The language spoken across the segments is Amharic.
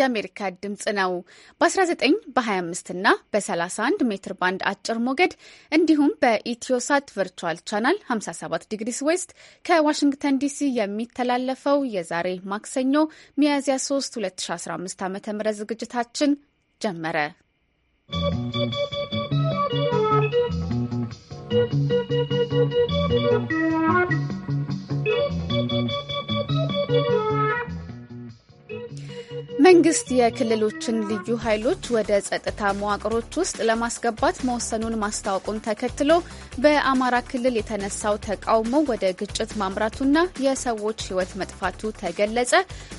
የአሜሪካ ድምፅ ነው። በ19 በ25 እና በ31 ሜትር ባንድ አጭር ሞገድ እንዲሁም በኢትዮሳት ቨርቹዋል ቻናል 57 ዲግሪስ ዌስት ከዋሽንግተን ዲሲ የሚተላለፈው የዛሬ ማክሰኞ ሚያዝያ 3 2015 ዓ ም ዝግጅታችን ጀመረ። ¶¶ መንግስት የክልሎችን ልዩ ኃይሎች ወደ ጸጥታ መዋቅሮች ውስጥ ለማስገባት መወሰኑን ማስታወቁን ተከትሎ በአማራ ክልል የተነሳው ተቃውሞ ወደ ግጭት ማምራቱና የሰዎች ሕይወት መጥፋቱ ተገለጸ።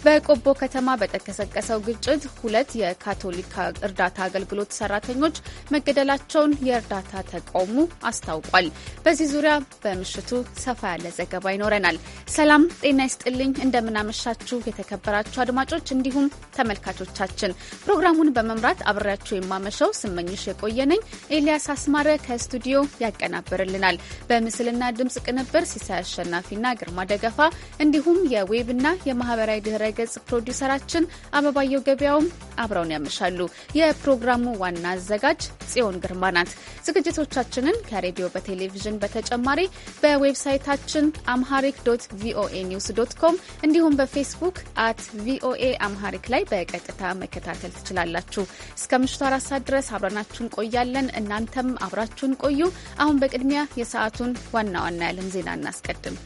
በቆቦ ከተማ በተቀሰቀሰው ግጭት ሁለት የካቶሊክ እርዳታ አገልግሎት ሰራተኞች መገደላቸውን የእርዳታ ተቃውሞ አስታውቋል። በዚህ ዙሪያ በምሽቱ ሰፋ ያለ ዘገባ ይኖረናል። ሰላም ጤና ይስጥልኝ። እንደምናመሻችሁ የተከበራችሁ አድማጮች እንዲሁም ተመልካቾቻችን ፕሮግራሙን በመምራት አብሬያቸው የማመሸው ስመኝሽ የቆየነኝ። ኤልያስ አስማረ ከስቱዲዮ ያቀናብርልናል። በምስልና ድምፅ ቅንብር ሲሳይ አሸናፊና ግርማ ደገፋ እንዲሁም የዌብና የማህበራዊ ድህረ ገጽ ፕሮዲውሰራችን አበባየው ገበያውም አብረውን ያመሻሉ። የፕሮግራሙ ዋና አዘጋጅ ጽዮን ግርማ ናት። ዝግጅቶቻችንን ከሬዲዮ በቴሌቪዥን በተጨማሪ በዌብሳይታችን አምሃሪክ ዶት ቪኦኤ ኒውስ ዶት ኮም እንዲሁም በፌስቡክ አት ቪኦኤ አምሃሪክ ላይ ላይ በቀጥታ መከታተል ትችላላችሁ። እስከ ምሽቱ አራት ሰዓት ድረስ አብረናችሁን ቆያለን እናንተም አብራችሁን ቆዩ። አሁን በቅድሚያ የሰዓቱን ዋና ዋና የዓለም ዜና እናስቀድም።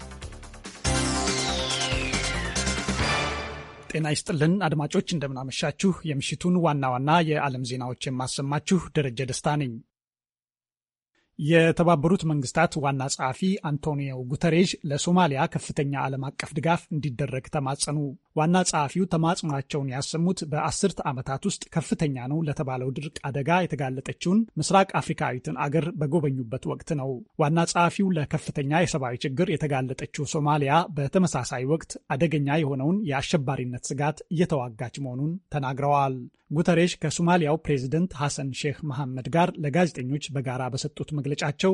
ጤና ይስጥልን አድማጮች፣ እንደምናመሻችሁ። የምሽቱን ዋና ዋና የዓለም ዜናዎች የማሰማችሁ ደረጀ ደስታ ነኝ። የተባበሩት መንግስታት ዋና ጸሐፊ አንቶኒዮ ጉተሬዥ ለሶማሊያ ከፍተኛ ዓለም አቀፍ ድጋፍ እንዲደረግ ተማጸኑ። ዋና ጸሐፊው ተማጽኗቸውን ያሰሙት በአስርት ዓመታት ውስጥ ከፍተኛ ነው ለተባለው ድርቅ አደጋ የተጋለጠችውን ምስራቅ አፍሪካዊትን አገር በጎበኙበት ወቅት ነው። ዋና ጸሐፊው ለከፍተኛ የሰብአዊ ችግር የተጋለጠችው ሶማሊያ በተመሳሳይ ወቅት አደገኛ የሆነውን የአሸባሪነት ስጋት እየተዋጋች መሆኑን ተናግረዋል። ጉተሬሽ ከሶማሊያው ፕሬዚደንት ሐሰን ሼህ መሐመድ ጋር ለጋዜጠኞች በጋራ በሰጡት መግለጫቸው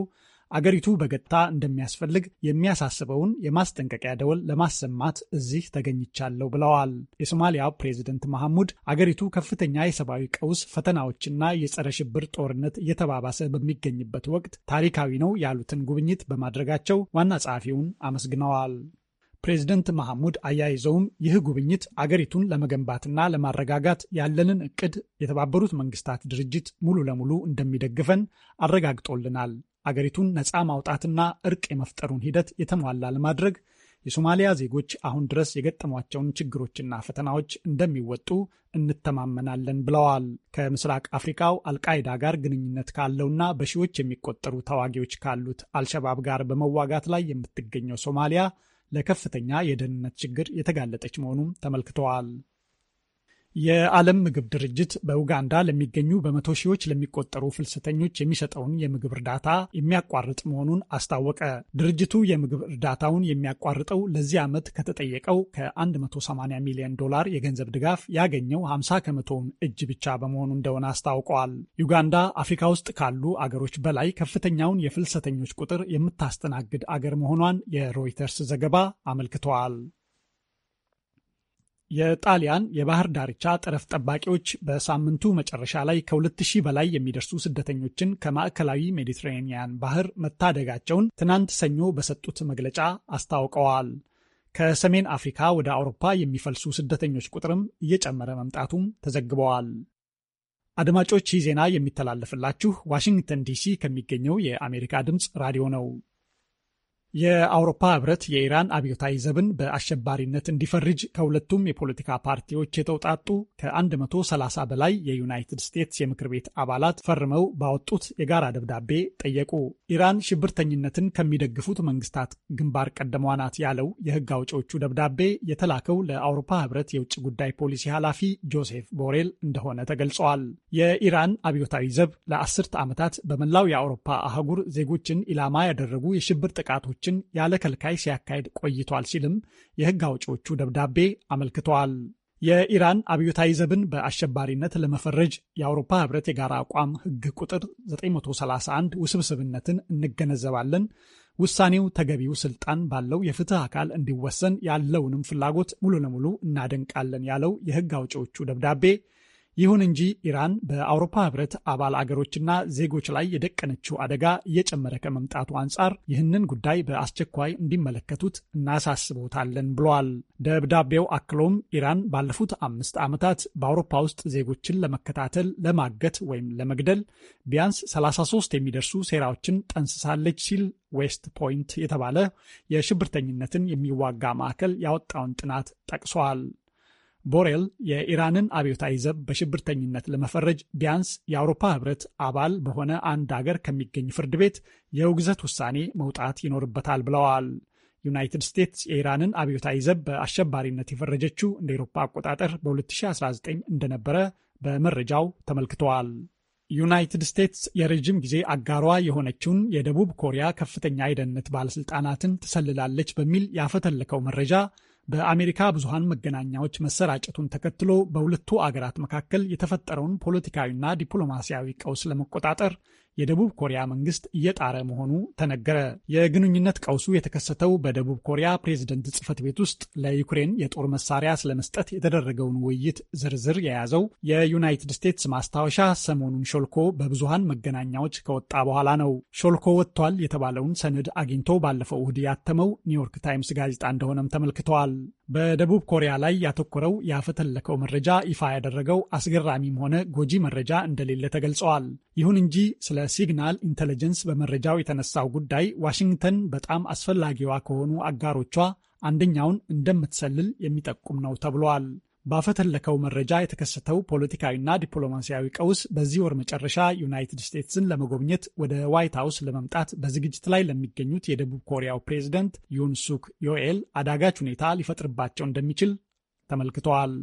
አገሪቱ በገታ እንደሚያስፈልግ የሚያሳስበውን የማስጠንቀቂያ ደወል ለማሰማት እዚህ ተገኝቻለሁ ብለዋል። የሶማሊያ ፕሬዚደንት መሐሙድ አገሪቱ ከፍተኛ የሰብአዊ ቀውስ ፈተናዎችና የጸረ ሽብር ጦርነት እየተባባሰ በሚገኝበት ወቅት ታሪካዊ ነው ያሉትን ጉብኝት በማድረጋቸው ዋና ጸሐፊውን አመስግነዋል። ፕሬዚደንት መሐሙድ አያይዘውም ይህ ጉብኝት አገሪቱን ለመገንባትና ለማረጋጋት ያለንን እቅድ የተባበሩት መንግስታት ድርጅት ሙሉ ለሙሉ እንደሚደግፈን አረጋግጦልናል። አገሪቱን ነፃ ማውጣትና እርቅ የመፍጠሩን ሂደት የተሟላ ለማድረግ የሶማሊያ ዜጎች አሁን ድረስ የገጠሟቸውን ችግሮችና ፈተናዎች እንደሚወጡ እንተማመናለን ብለዋል። ከምስራቅ አፍሪካው አልቃይዳ ጋር ግንኙነት ካለውና በሺዎች የሚቆጠሩ ተዋጊዎች ካሉት አልሸባብ ጋር በመዋጋት ላይ የምትገኘው ሶማሊያ ለከፍተኛ የደህንነት ችግር የተጋለጠች መሆኑም ተመልክተዋል። የዓለም ምግብ ድርጅት በኡጋንዳ ለሚገኙ በመቶ ሺዎች ለሚቆጠሩ ፍልሰተኞች የሚሰጠውን የምግብ እርዳታ የሚያቋርጥ መሆኑን አስታወቀ። ድርጅቱ የምግብ እርዳታውን የሚያቋርጠው ለዚህ ዓመት ከተጠየቀው ከ180 ሚሊዮን ዶላር የገንዘብ ድጋፍ ያገኘው 50 ከመቶውን እጅ ብቻ በመሆኑ እንደሆነ አስታውቀዋል። ዩጋንዳ አፍሪካ ውስጥ ካሉ አገሮች በላይ ከፍተኛውን የፍልሰተኞች ቁጥር የምታስተናግድ አገር መሆኗን የሮይተርስ ዘገባ አመልክተዋል። የጣሊያን የባህር ዳርቻ ጠረፍ ጠባቂዎች በሳምንቱ መጨረሻ ላይ ከ2000 በላይ የሚደርሱ ስደተኞችን ከማዕከላዊ ሜዲትሬኒያን ባህር መታደጋቸውን ትናንት ሰኞ በሰጡት መግለጫ አስታውቀዋል። ከሰሜን አፍሪካ ወደ አውሮፓ የሚፈልሱ ስደተኞች ቁጥርም እየጨመረ መምጣቱም ተዘግበዋል። አድማጮች ይህ ዜና የሚተላለፍላችሁ ዋሽንግተን ዲሲ ከሚገኘው የአሜሪካ ድምፅ ራዲዮ ነው። የአውሮፓ ህብረት የኢራን አብዮታዊ ዘብን በአሸባሪነት እንዲፈርጅ ከሁለቱም የፖለቲካ ፓርቲዎች የተውጣጡ ከ130 በላይ የዩናይትድ ስቴትስ የምክር ቤት አባላት ፈርመው ባወጡት የጋራ ደብዳቤ ጠየቁ። ኢራን ሽብርተኝነትን ከሚደግፉት መንግስታት ግንባር ቀደሟ ናት ያለው የህግ አውጪዎቹ ደብዳቤ የተላከው ለአውሮፓ ህብረት የውጭ ጉዳይ ፖሊሲ ኃላፊ ጆሴፍ ቦሬል እንደሆነ ተገልጸዋል። የኢራን አብዮታዊ ዘብ ለአስርት ዓመታት በመላው የአውሮፓ አህጉር ዜጎችን ኢላማ ያደረጉ የሽብር ጥቃቶች ግጭቶችን ያለ ከልካይ ሲያካሄድ ቆይቷል ሲልም የህግ አውጪዎቹ ደብዳቤ አመልክተዋል። የኢራን አብዮታዊ ዘብን በአሸባሪነት ለመፈረጅ የአውሮፓ ህብረት የጋራ አቋም ህግ ቁጥር 931 ውስብስብነትን እንገነዘባለን፣ ውሳኔው ተገቢው ስልጣን ባለው የፍትህ አካል እንዲወሰን ያለውንም ፍላጎት ሙሉ ለሙሉ እናደንቃለን ያለው የህግ አውጪዎቹ ደብዳቤ ይሁን እንጂ ኢራን በአውሮፓ ህብረት አባል አገሮችና ዜጎች ላይ የደቀነችው አደጋ እየጨመረ ከመምጣቱ አንጻር ይህንን ጉዳይ በአስቸኳይ እንዲመለከቱት እናሳስቦታለን ብለዋል። ደብዳቤው አክሎም ኢራን ባለፉት አምስት ዓመታት በአውሮፓ ውስጥ ዜጎችን ለመከታተል፣ ለማገት ወይም ለመግደል ቢያንስ 33 የሚደርሱ ሴራዎችን ጠንስሳለች ሲል ዌስት ፖይንት የተባለ የሽብርተኝነትን የሚዋጋ ማዕከል ያወጣውን ጥናት ጠቅሷል። ቦሬል የኢራንን አብዮታዊ ዘብ በሽብርተኝነት ለመፈረጅ ቢያንስ የአውሮፓ ህብረት አባል በሆነ አንድ አገር ከሚገኝ ፍርድ ቤት የውግዘት ውሳኔ መውጣት ይኖርበታል ብለዋል። ዩናይትድ ስቴትስ የኢራንን አብዮታዊ ዘብ በአሸባሪነት የፈረጀችው እንደ ኤሮፓ አቆጣጠር በ2019 እንደነበረ በመረጃው ተመልክተዋል። ዩናይትድ ስቴትስ የረዥም ጊዜ አጋሯ የሆነችውን የደቡብ ኮሪያ ከፍተኛ የደህንነት ባለሥልጣናትን ትሰልላለች በሚል ያፈተለከው መረጃ በአሜሪካ ብዙሃን መገናኛዎች መሰራጨቱን ተከትሎ በሁለቱ አገራት መካከል የተፈጠረውን ፖለቲካዊና ዲፕሎማሲያዊ ቀውስ ለመቆጣጠር የደቡብ ኮሪያ መንግስት እየጣረ መሆኑ ተነገረ። የግንኙነት ቀውሱ የተከሰተው በደቡብ ኮሪያ ፕሬዝደንት ጽህፈት ቤት ውስጥ ለዩክሬን የጦር መሳሪያ ስለመስጠት የተደረገውን ውይይት ዝርዝር የያዘው የዩናይትድ ስቴትስ ማስታወሻ ሰሞኑን ሾልኮ በብዙሃን መገናኛዎች ከወጣ በኋላ ነው። ሾልኮ ወጥቷል የተባለውን ሰነድ አግኝቶ ባለፈው እሁድ ያተመው ኒውዮርክ ታይምስ ጋዜጣ እንደሆነም ተመልክተዋል። በደቡብ ኮሪያ ላይ ያተኮረው ያፈተለከው መረጃ ይፋ ያደረገው አስገራሚም ሆነ ጎጂ መረጃ እንደሌለ ተገልጸዋል። ይሁን እንጂ ስለ ሲግናል ኢንቴሊጀንስ በመረጃው የተነሳው ጉዳይ ዋሽንግተን በጣም አስፈላጊዋ ከሆኑ አጋሮቿ አንደኛውን እንደምትሰልል የሚጠቁም ነው ተብሏል። ባፈተለከው መረጃ የተከሰተው ፖለቲካዊና ዲፕሎማሲያዊ ቀውስ በዚህ ወር መጨረሻ ዩናይትድ ስቴትስን ለመጎብኘት ወደ ዋይት ሀውስ ለመምጣት በዝግጅት ላይ ለሚገኙት የደቡብ ኮሪያው ፕሬዚደንት ዩን ሱክ ዮኤል አዳጋች ሁኔታ ሊፈጥርባቸው እንደሚችል ተመልክተዋል።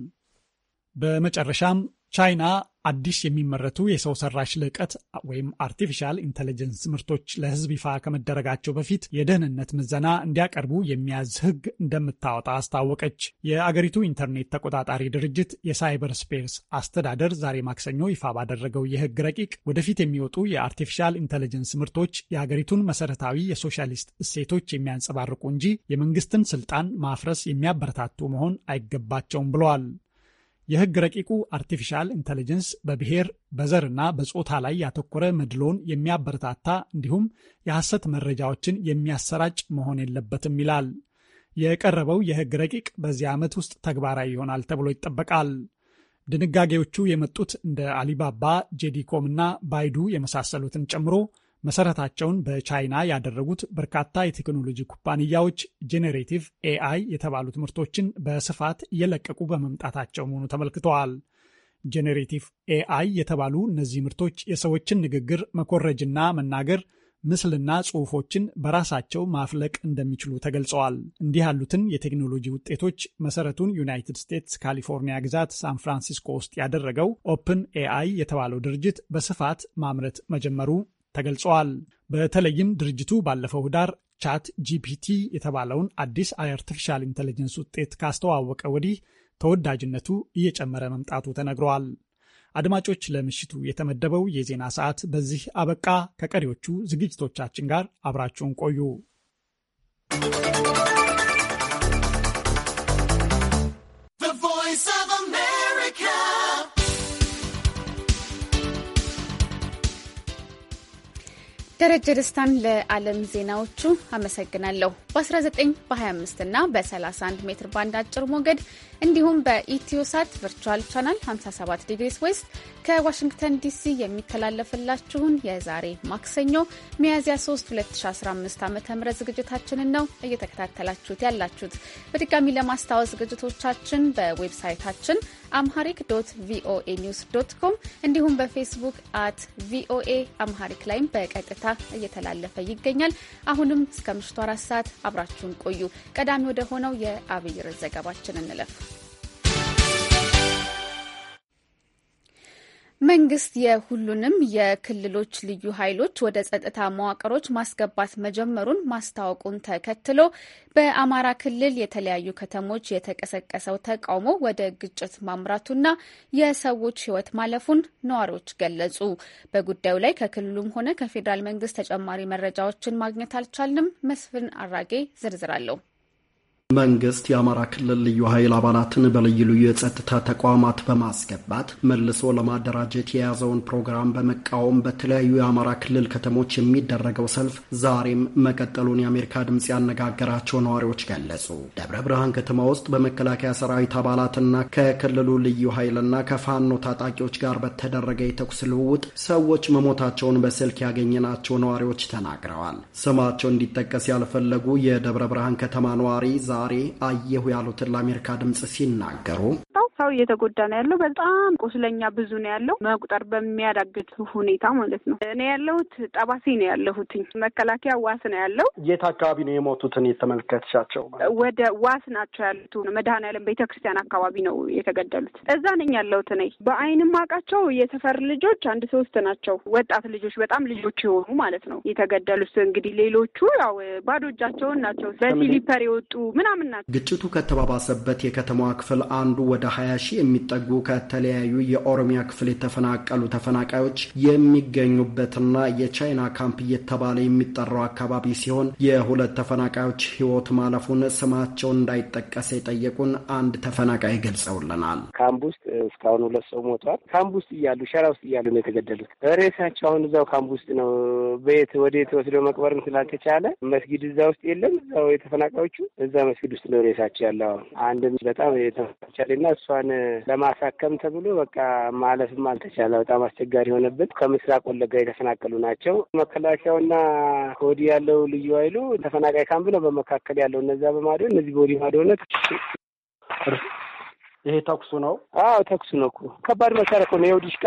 በመጨረሻም ቻይና አዲስ የሚመረቱ የሰው ሰራሽ ልዕቀት ወይም አርቲፊሻል ኢንተለጀንስ ምርቶች ለሕዝብ ይፋ ከመደረጋቸው በፊት የደህንነት ምዘና እንዲያቀርቡ የሚያዝ ሕግ እንደምታወጣ አስታወቀች። የአገሪቱ ኢንተርኔት ተቆጣጣሪ ድርጅት የሳይበር ስፔስ አስተዳደር ዛሬ ማክሰኞ ይፋ ባደረገው የሕግ ረቂቅ ወደፊት የሚወጡ የአርቲፊሻል ኢንተለጀንስ ምርቶች የአገሪቱን መሰረታዊ የሶሻሊስት እሴቶች የሚያንጸባርቁ እንጂ የመንግስትን ስልጣን ማፍረስ የሚያበረታቱ መሆን አይገባቸውም ብለዋል። የህግ ረቂቁ አርቲፊሻል ኢንተለጀንስ በብሔር በዘርና በጾታ ላይ ያተኮረ መድሎን የሚያበረታታ እንዲሁም የሐሰት መረጃዎችን የሚያሰራጭ መሆን የለበትም ይላል። የቀረበው የህግ ረቂቅ በዚህ ዓመት ውስጥ ተግባራዊ ይሆናል ተብሎ ይጠበቃል። ድንጋጌዎቹ የመጡት እንደ አሊባባ ጄዲኮም እና ባይዱ የመሳሰሉትን ጨምሮ መሰረታቸውን በቻይና ያደረጉት በርካታ የቴክኖሎጂ ኩባንያዎች ጄኔሬቲቭ ኤአይ የተባሉት ምርቶችን በስፋት እየለቀቁ በመምጣታቸው መሆኑ ተመልክተዋል። ጄኔሬቲቭ ኤአይ የተባሉ እነዚህ ምርቶች የሰዎችን ንግግር መኮረጅና መናገር፣ ምስልና ጽሑፎችን በራሳቸው ማፍለቅ እንደሚችሉ ተገልጸዋል። እንዲህ ያሉትን የቴክኖሎጂ ውጤቶች መሰረቱን ዩናይትድ ስቴትስ ካሊፎርኒያ ግዛት ሳን ፍራንሲስኮ ውስጥ ያደረገው ኦፕን ኤአይ የተባለው ድርጅት በስፋት ማምረት መጀመሩ ተገልጸዋል። በተለይም ድርጅቱ ባለፈው ህዳር ቻት ጂፒቲ የተባለውን አዲስ አርቲፊሻል ኢንቴሊጀንስ ውጤት ካስተዋወቀ ወዲህ ተወዳጅነቱ እየጨመረ መምጣቱ ተነግረዋል። አድማጮች፣ ለምሽቱ የተመደበው የዜና ሰዓት በዚህ አበቃ። ከቀሪዎቹ ዝግጅቶቻችን ጋር አብራችሁን ቆዩ። ቮይስ ኦፍ ደረጀ ደስታን ለዓለም ዜናዎቹ አመሰግናለሁ። በ19 በ25 እና በ31 ሜትር ባንድ አጭር ሞገድ እንዲሁም በኢትዮሳት ቨርቹዋል ቻናል 57 ዲግሪስ ዌስት ከዋሽንግተን ዲሲ የሚተላለፍላችሁን የዛሬ ማክሰኞ ሚያዝያ 3 2015 ዓ ም ዝግጅታችንን ነው እየተከታተላችሁት ያላችሁት። በድጋሚ ለማስታወስ ዝግጅቶቻችን በዌብሳይታችን አምሃሪክ ዶት ቪኦኤ ኒውስ ዶት ኮም እንዲሁም በፌስቡክ አት ቪኦኤ አምሃሪክ ላይም በቀጥታ እየተላለፈ ይገኛል። አሁንም እስከ ምሽቱ አራት ሰዓት አብራችሁን ቆዩ። ቀዳሚ ወደ ሆነው የአብይር ዘገባችን እንለፍ። መንግስት የሁሉንም የክልሎች ልዩ ኃይሎች ወደ ጸጥታ መዋቅሮች ማስገባት መጀመሩን ማስታወቁን ተከትሎ በአማራ ክልል የተለያዩ ከተሞች የተቀሰቀሰው ተቃውሞ ወደ ግጭት ማምራቱና የሰዎች ሕይወት ማለፉን ነዋሪዎች ገለጹ። በጉዳዩ ላይ ከክልሉም ሆነ ከፌዴራል መንግስት ተጨማሪ መረጃዎችን ማግኘት አልቻልንም። መስፍን አራጌ ዝርዝር አለው። መንግስት የአማራ ክልል ልዩ ኃይል አባላትን በልዩ ልዩ የጸጥታ ተቋማት በማስገባት መልሶ ለማደራጀት የያዘውን ፕሮግራም በመቃወም በተለያዩ የአማራ ክልል ከተሞች የሚደረገው ሰልፍ ዛሬም መቀጠሉን የአሜሪካ ድምፅ ያነጋገራቸው ነዋሪዎች ገለጹ። ደብረ ብርሃን ከተማ ውስጥ በመከላከያ ሰራዊት አባላትና ከክልሉ ልዩ ኃይልና ከፋኖ ታጣቂዎች ጋር በተደረገ የተኩስ ልውውጥ ሰዎች መሞታቸውን በስልክ ያገኘናቸው ነዋሪዎች ተናግረዋል። ስማቸው እንዲጠቀስ ያልፈለጉ የደብረ ብርሃን ከተማ ነዋሪ ዛሬ አየሁ ያሉትን ለአሜሪካ ድምጽ ሲናገሩ ሰው እየተጎዳ ነው ያለው። በጣም ቁስለኛ ብዙ ነው ያለው መቁጠር በሚያዳግት ሁኔታ ማለት ነው። እኔ ያለሁት ጠባሴ ነው ያለሁትኝ መከላከያ ዋስ ነው ያለው። የት አካባቢ ነው የሞቱትን የተመለከትሻቸው? ወደ ዋስ ናቸው ያሉት መድኃኔዓለም ቤተክርስቲያን አካባቢ ነው የተገደሉት። እዛ ነኝ ያለሁት እኔ በአይንም አውቃቸው የሰፈር ልጆች አንድ ሶስት ናቸው ወጣት ልጆች በጣም ልጆች የሆኑ ማለት ነው የተገደሉት። እንግዲህ ሌሎቹ ያው ባዶ እጃቸውን ናቸው በሲሊፐር የወጡ ምን ምናምን ናት። ግጭቱ ከተባባሰበት የከተማዋ ክፍል አንዱ ወደ ሀያ ሺህ የሚጠጉ ከተለያዩ የኦሮሚያ ክፍል የተፈናቀሉ ተፈናቃዮች የሚገኙበትና የቻይና ካምፕ እየተባለ የሚጠራው አካባቢ ሲሆን የሁለት ተፈናቃዮች ህይወት ማለፉን ስማቸው እንዳይጠቀስ የጠየቁን አንድ ተፈናቃይ ገልጸውልናል። ካምፕ ውስጥ እስካሁን ሁለት ሰው ሞቷል። ካምፕ ውስጥ እያሉ ሸራ ውስጥ እያሉ ነው የተገደሉት። ሬሳቸው አሁን እዛው ካምፕ ውስጥ ነው። በየት ወደ የት ወስዶ መቅበርም ስላልተቻለ መስጊድ እዛ ውስጥ የለም። እዛው የተፈናቃዮቹ እዛ መጽሐፍ ቅዱስ ነው ሬሳቸው ያለው አንድም በጣም የተቻለ የተቻለና እሷን ለማሳከም ተብሎ በቃ ማለፍም አልተቻለ። በጣም አስቸጋሪ የሆነበት ከምስራቅ ወለጋ የተፈናቀሉ ናቸው። መከላከያውና ከወዲ ያለው ልዩ ኃይሉ ተፈናቃይ ካምፕ ነው በመካከል ያለው እነዛ በማዶ እነዚህ በወዲ ማዶ ሆነ ይሄ ተኩሱ ነው። አዎ ተኩሱ ነው እኮ ከባድ መሳሪያ እኮ ነው። የውዲሽቃ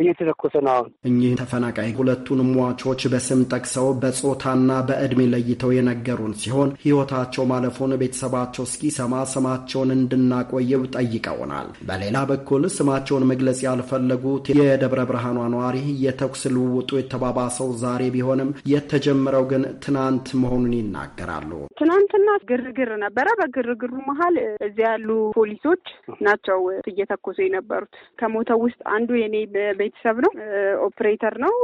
እየተተኮሰ ነው። አሁን እኚህ ተፈናቃይ ሁለቱን ሟቾች በስም ጠቅሰው በጾታና በእድሜ ለይተው የነገሩን ሲሆን ህይወታቸው ማለፉን ቤተሰባቸው እስኪሰማ ስማቸውን እንድናቆየው ጠይቀውናል። በሌላ በኩል ስማቸውን መግለጽ ያልፈለጉት የደብረ ብርሃኗ ነዋሪ የተኩስ ልውውጡ የተባባሰው ዛሬ ቢሆንም የተጀመረው ግን ትናንት መሆኑን ይናገራሉ። ትናንትና ግርግር ነበረ። በግርግሩ መሀል እዚያ ያሉ ፖሊሶች ናቸው እየተኮሱ የነበሩት። ከሞተው ውስጥ አንዱ የኔ ቤተሰብ ነው። ኦፕሬተር ነው።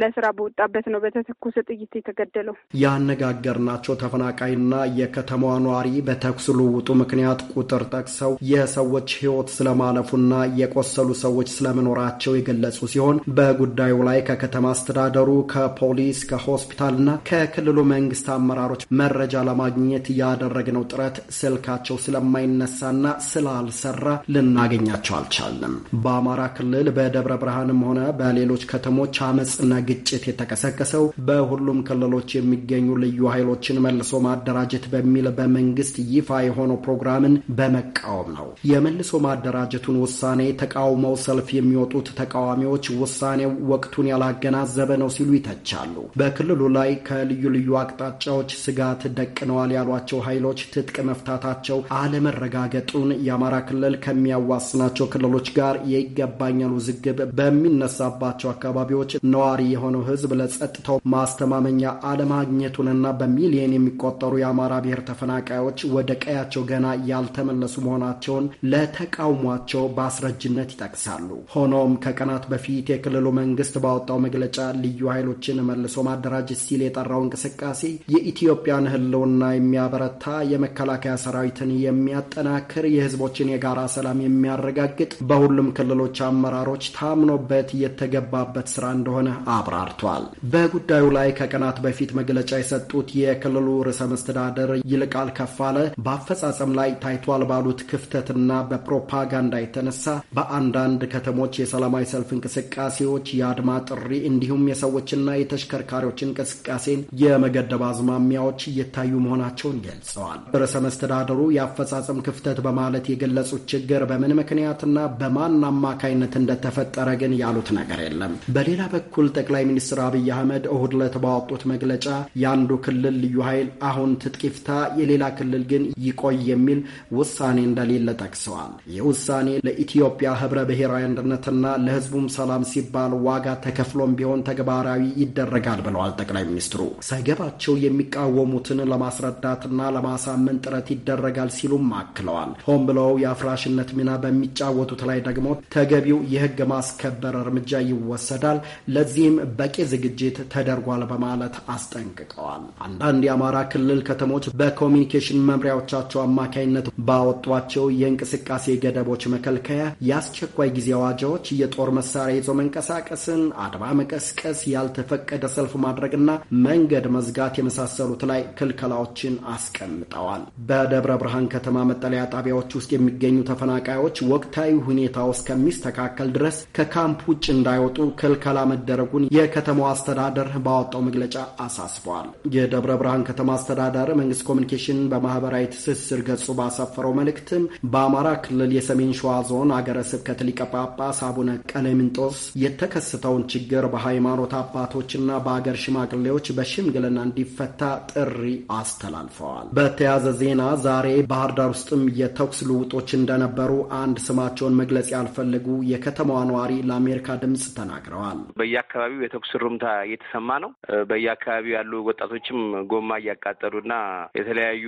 ለስራ በወጣበት ነው በተተኮሰ ጥይት የተገደለው። ያነጋገርናቸው ተፈናቃይና የከተማዋ ነዋሪ በተኩስ ልውጡ ምክንያት ቁጥር ጠቅሰው የሰዎች ህይወት ስለማለፉና የቆሰሉ ሰዎች ስለመኖራቸው የገለጹ ሲሆን በጉዳዩ ላይ ከከተማ አስተዳደሩ፣ ከፖሊስ፣ ከሆስፒታልና ከክልሉ መንግስት አመራሮች መረጃ ለማግኘት ያደረግነው ጥረት ስልካቸው ስለማይነሳና ስላልሰራ ልናገኛቸው አልቻለም። በአማራ ክልል በደብረ በደብረ ብርሃንም ሆነ በሌሎች ከተሞች አመፅና ግጭት የተቀሰቀሰው በሁሉም ክልሎች የሚገኙ ልዩ ኃይሎችን መልሶ ማደራጀት በሚል በመንግስት ይፋ የሆነው ፕሮግራምን በመቃወም ነው። የመልሶ ማደራጀቱን ውሳኔ ተቃውመው ሰልፍ የሚወጡት ተቃዋሚዎች ውሳኔው ወቅቱን ያላገናዘበ ነው ሲሉ ይተቻሉ። በክልሉ ላይ ከልዩ ልዩ አቅጣጫዎች ስጋት ደቅነዋል ያሏቸው ኃይሎች ትጥቅ መፍታታቸው አለመረጋገጡን የአማራ ክልል ከሚያዋስናቸው ክልሎች ጋር የይገባኛል ውዝግብ በሚነሳባቸው አካባቢዎች ነዋሪ የሆነው ህዝብ ለጸጥታው ማስተማመኛ አለማግኘቱንና በሚሊየን የሚቆጠሩ የአማራ ብሔር ተፈናቃዮች ወደ ቀያቸው ገና ያልተመለሱ መሆናቸውን ለተቃውሟቸው በአስረጅነት ይጠቅሳሉ። ሆኖም ከቀናት በፊት የክልሉ መንግስት ባወጣው መግለጫ ልዩ ኃይሎችን መልሶ ማደራጀት ሲል የጠራው እንቅስቃሴ የኢትዮጵያን ህልውና የሚያበረታ የመከላከያ ሰራዊትን የሚያጠናክር የህዝቦችን የጋራ ሰላም የሚያረጋግጥ በሁሉም ክልሎች አመራሮች ታ ታምኖበት የተገባበት ስራ እንደሆነ አብራርቷል። በጉዳዩ ላይ ከቀናት በፊት መግለጫ የሰጡት የክልሉ ርዕሰ መስተዳደር ይልቃል ከፋለ በአፈጻጸም ላይ ታይቷል ባሉት ክፍተትና በፕሮፓጋንዳ የተነሳ በአንዳንድ ከተሞች የሰላማዊ ሰልፍ እንቅስቃሴዎች፣ የአድማ ጥሪ እንዲሁም የሰዎችና የተሽከርካሪዎች እንቅስቃሴን የመገደብ አዝማሚያዎች እየታዩ መሆናቸውን ገልጸዋል። ርዕሰ መስተዳደሩ የአፈጻጸም ክፍተት በማለት የገለጹት ችግር በምን ምክንያትና በማን አማካይነት እንደተፈጠረ በስተቀረ ግን ያሉት ነገር የለም። በሌላ በኩል ጠቅላይ ሚኒስትር አብይ አህመድ እሁድ ዕለት ባወጡት መግለጫ የአንዱ ክልል ልዩ ኃይል አሁን ትጥቅ ይፍታ፣ የሌላ ክልል ግን ይቆይ የሚል ውሳኔ እንደሌለ ጠቅሰዋል። ይህ ውሳኔ ለኢትዮጵያ ህብረ ብሔራዊ አንድነትና ለህዝቡም ሰላም ሲባል ዋጋ ተከፍሎም ቢሆን ተግባራዊ ይደረጋል ብለዋል። ጠቅላይ ሚኒስትሩ ሳይገባቸው የሚቃወሙትን ለማስረዳትና ለማሳመን ጥረት ይደረጋል ሲሉም አክለዋል። ሆን ብለው የአፍራሽነት ሚና በሚጫወቱት ላይ ደግሞ ተገቢው የህግ ማስ የማስከበር እርምጃ ይወሰዳል፣ ለዚህም በቂ ዝግጅት ተደርጓል በማለት አስጠንቅቀዋል። አንዳንድ የአማራ ክልል ከተሞች በኮሚኒኬሽን መምሪያዎቻቸው አማካኝነት ባወጧቸው የእንቅስቃሴ ገደቦች መከልከያ፣ የአስቸኳይ ጊዜ አዋጃዎች፣ የጦር መሳሪያ ይዞ መንቀሳቀስን፣ አድማ መቀስቀስ፣ ያልተፈቀደ ሰልፍ ማድረግና መንገድ መዝጋት የመሳሰሉት ላይ ክልከላዎችን አስቀምጠዋል። በደብረ ብርሃን ከተማ መጠለያ ጣቢያዎች ውስጥ የሚገኙ ተፈናቃዮች ወቅታዊ ሁኔታ እስከሚስተካከል ድረስ ከ ከካምፕ ውጭ እንዳይወጡ ክልከላ መደረጉን የከተማው አስተዳደር ባወጣው መግለጫ አሳስበዋል። የደብረ ብርሃን ከተማ አስተዳደር መንግስት ኮሚኒኬሽን በማህበራዊ ትስስር ገጹ ባሰፈረው መልእክትም በአማራ ክልል የሰሜን ሸዋ ዞን አገረ ስብከት ሊቀ ጳጳስ አቡነ ቀለሚንጦስ የተከሰተውን ችግር በሃይማኖት አባቶችና በአገር ሽማግሌዎች በሽምግልና እንዲፈታ ጥሪ አስተላልፈዋል። በተያያዘ ዜና ዛሬ ባህር ዳር ውስጥም የተኩስ ልውጦች እንደነበሩ አንድ ስማቸውን መግለጽ ያልፈለጉ የከተማዋ ነዋሪ ለአሜሪካ ድምፅ ተናግረዋል። በየአካባቢው የተኩስ ሩምታ እየተሰማ ነው። በየአካባቢው ያሉ ወጣቶችም ጎማ እያቃጠሉና የተለያዩ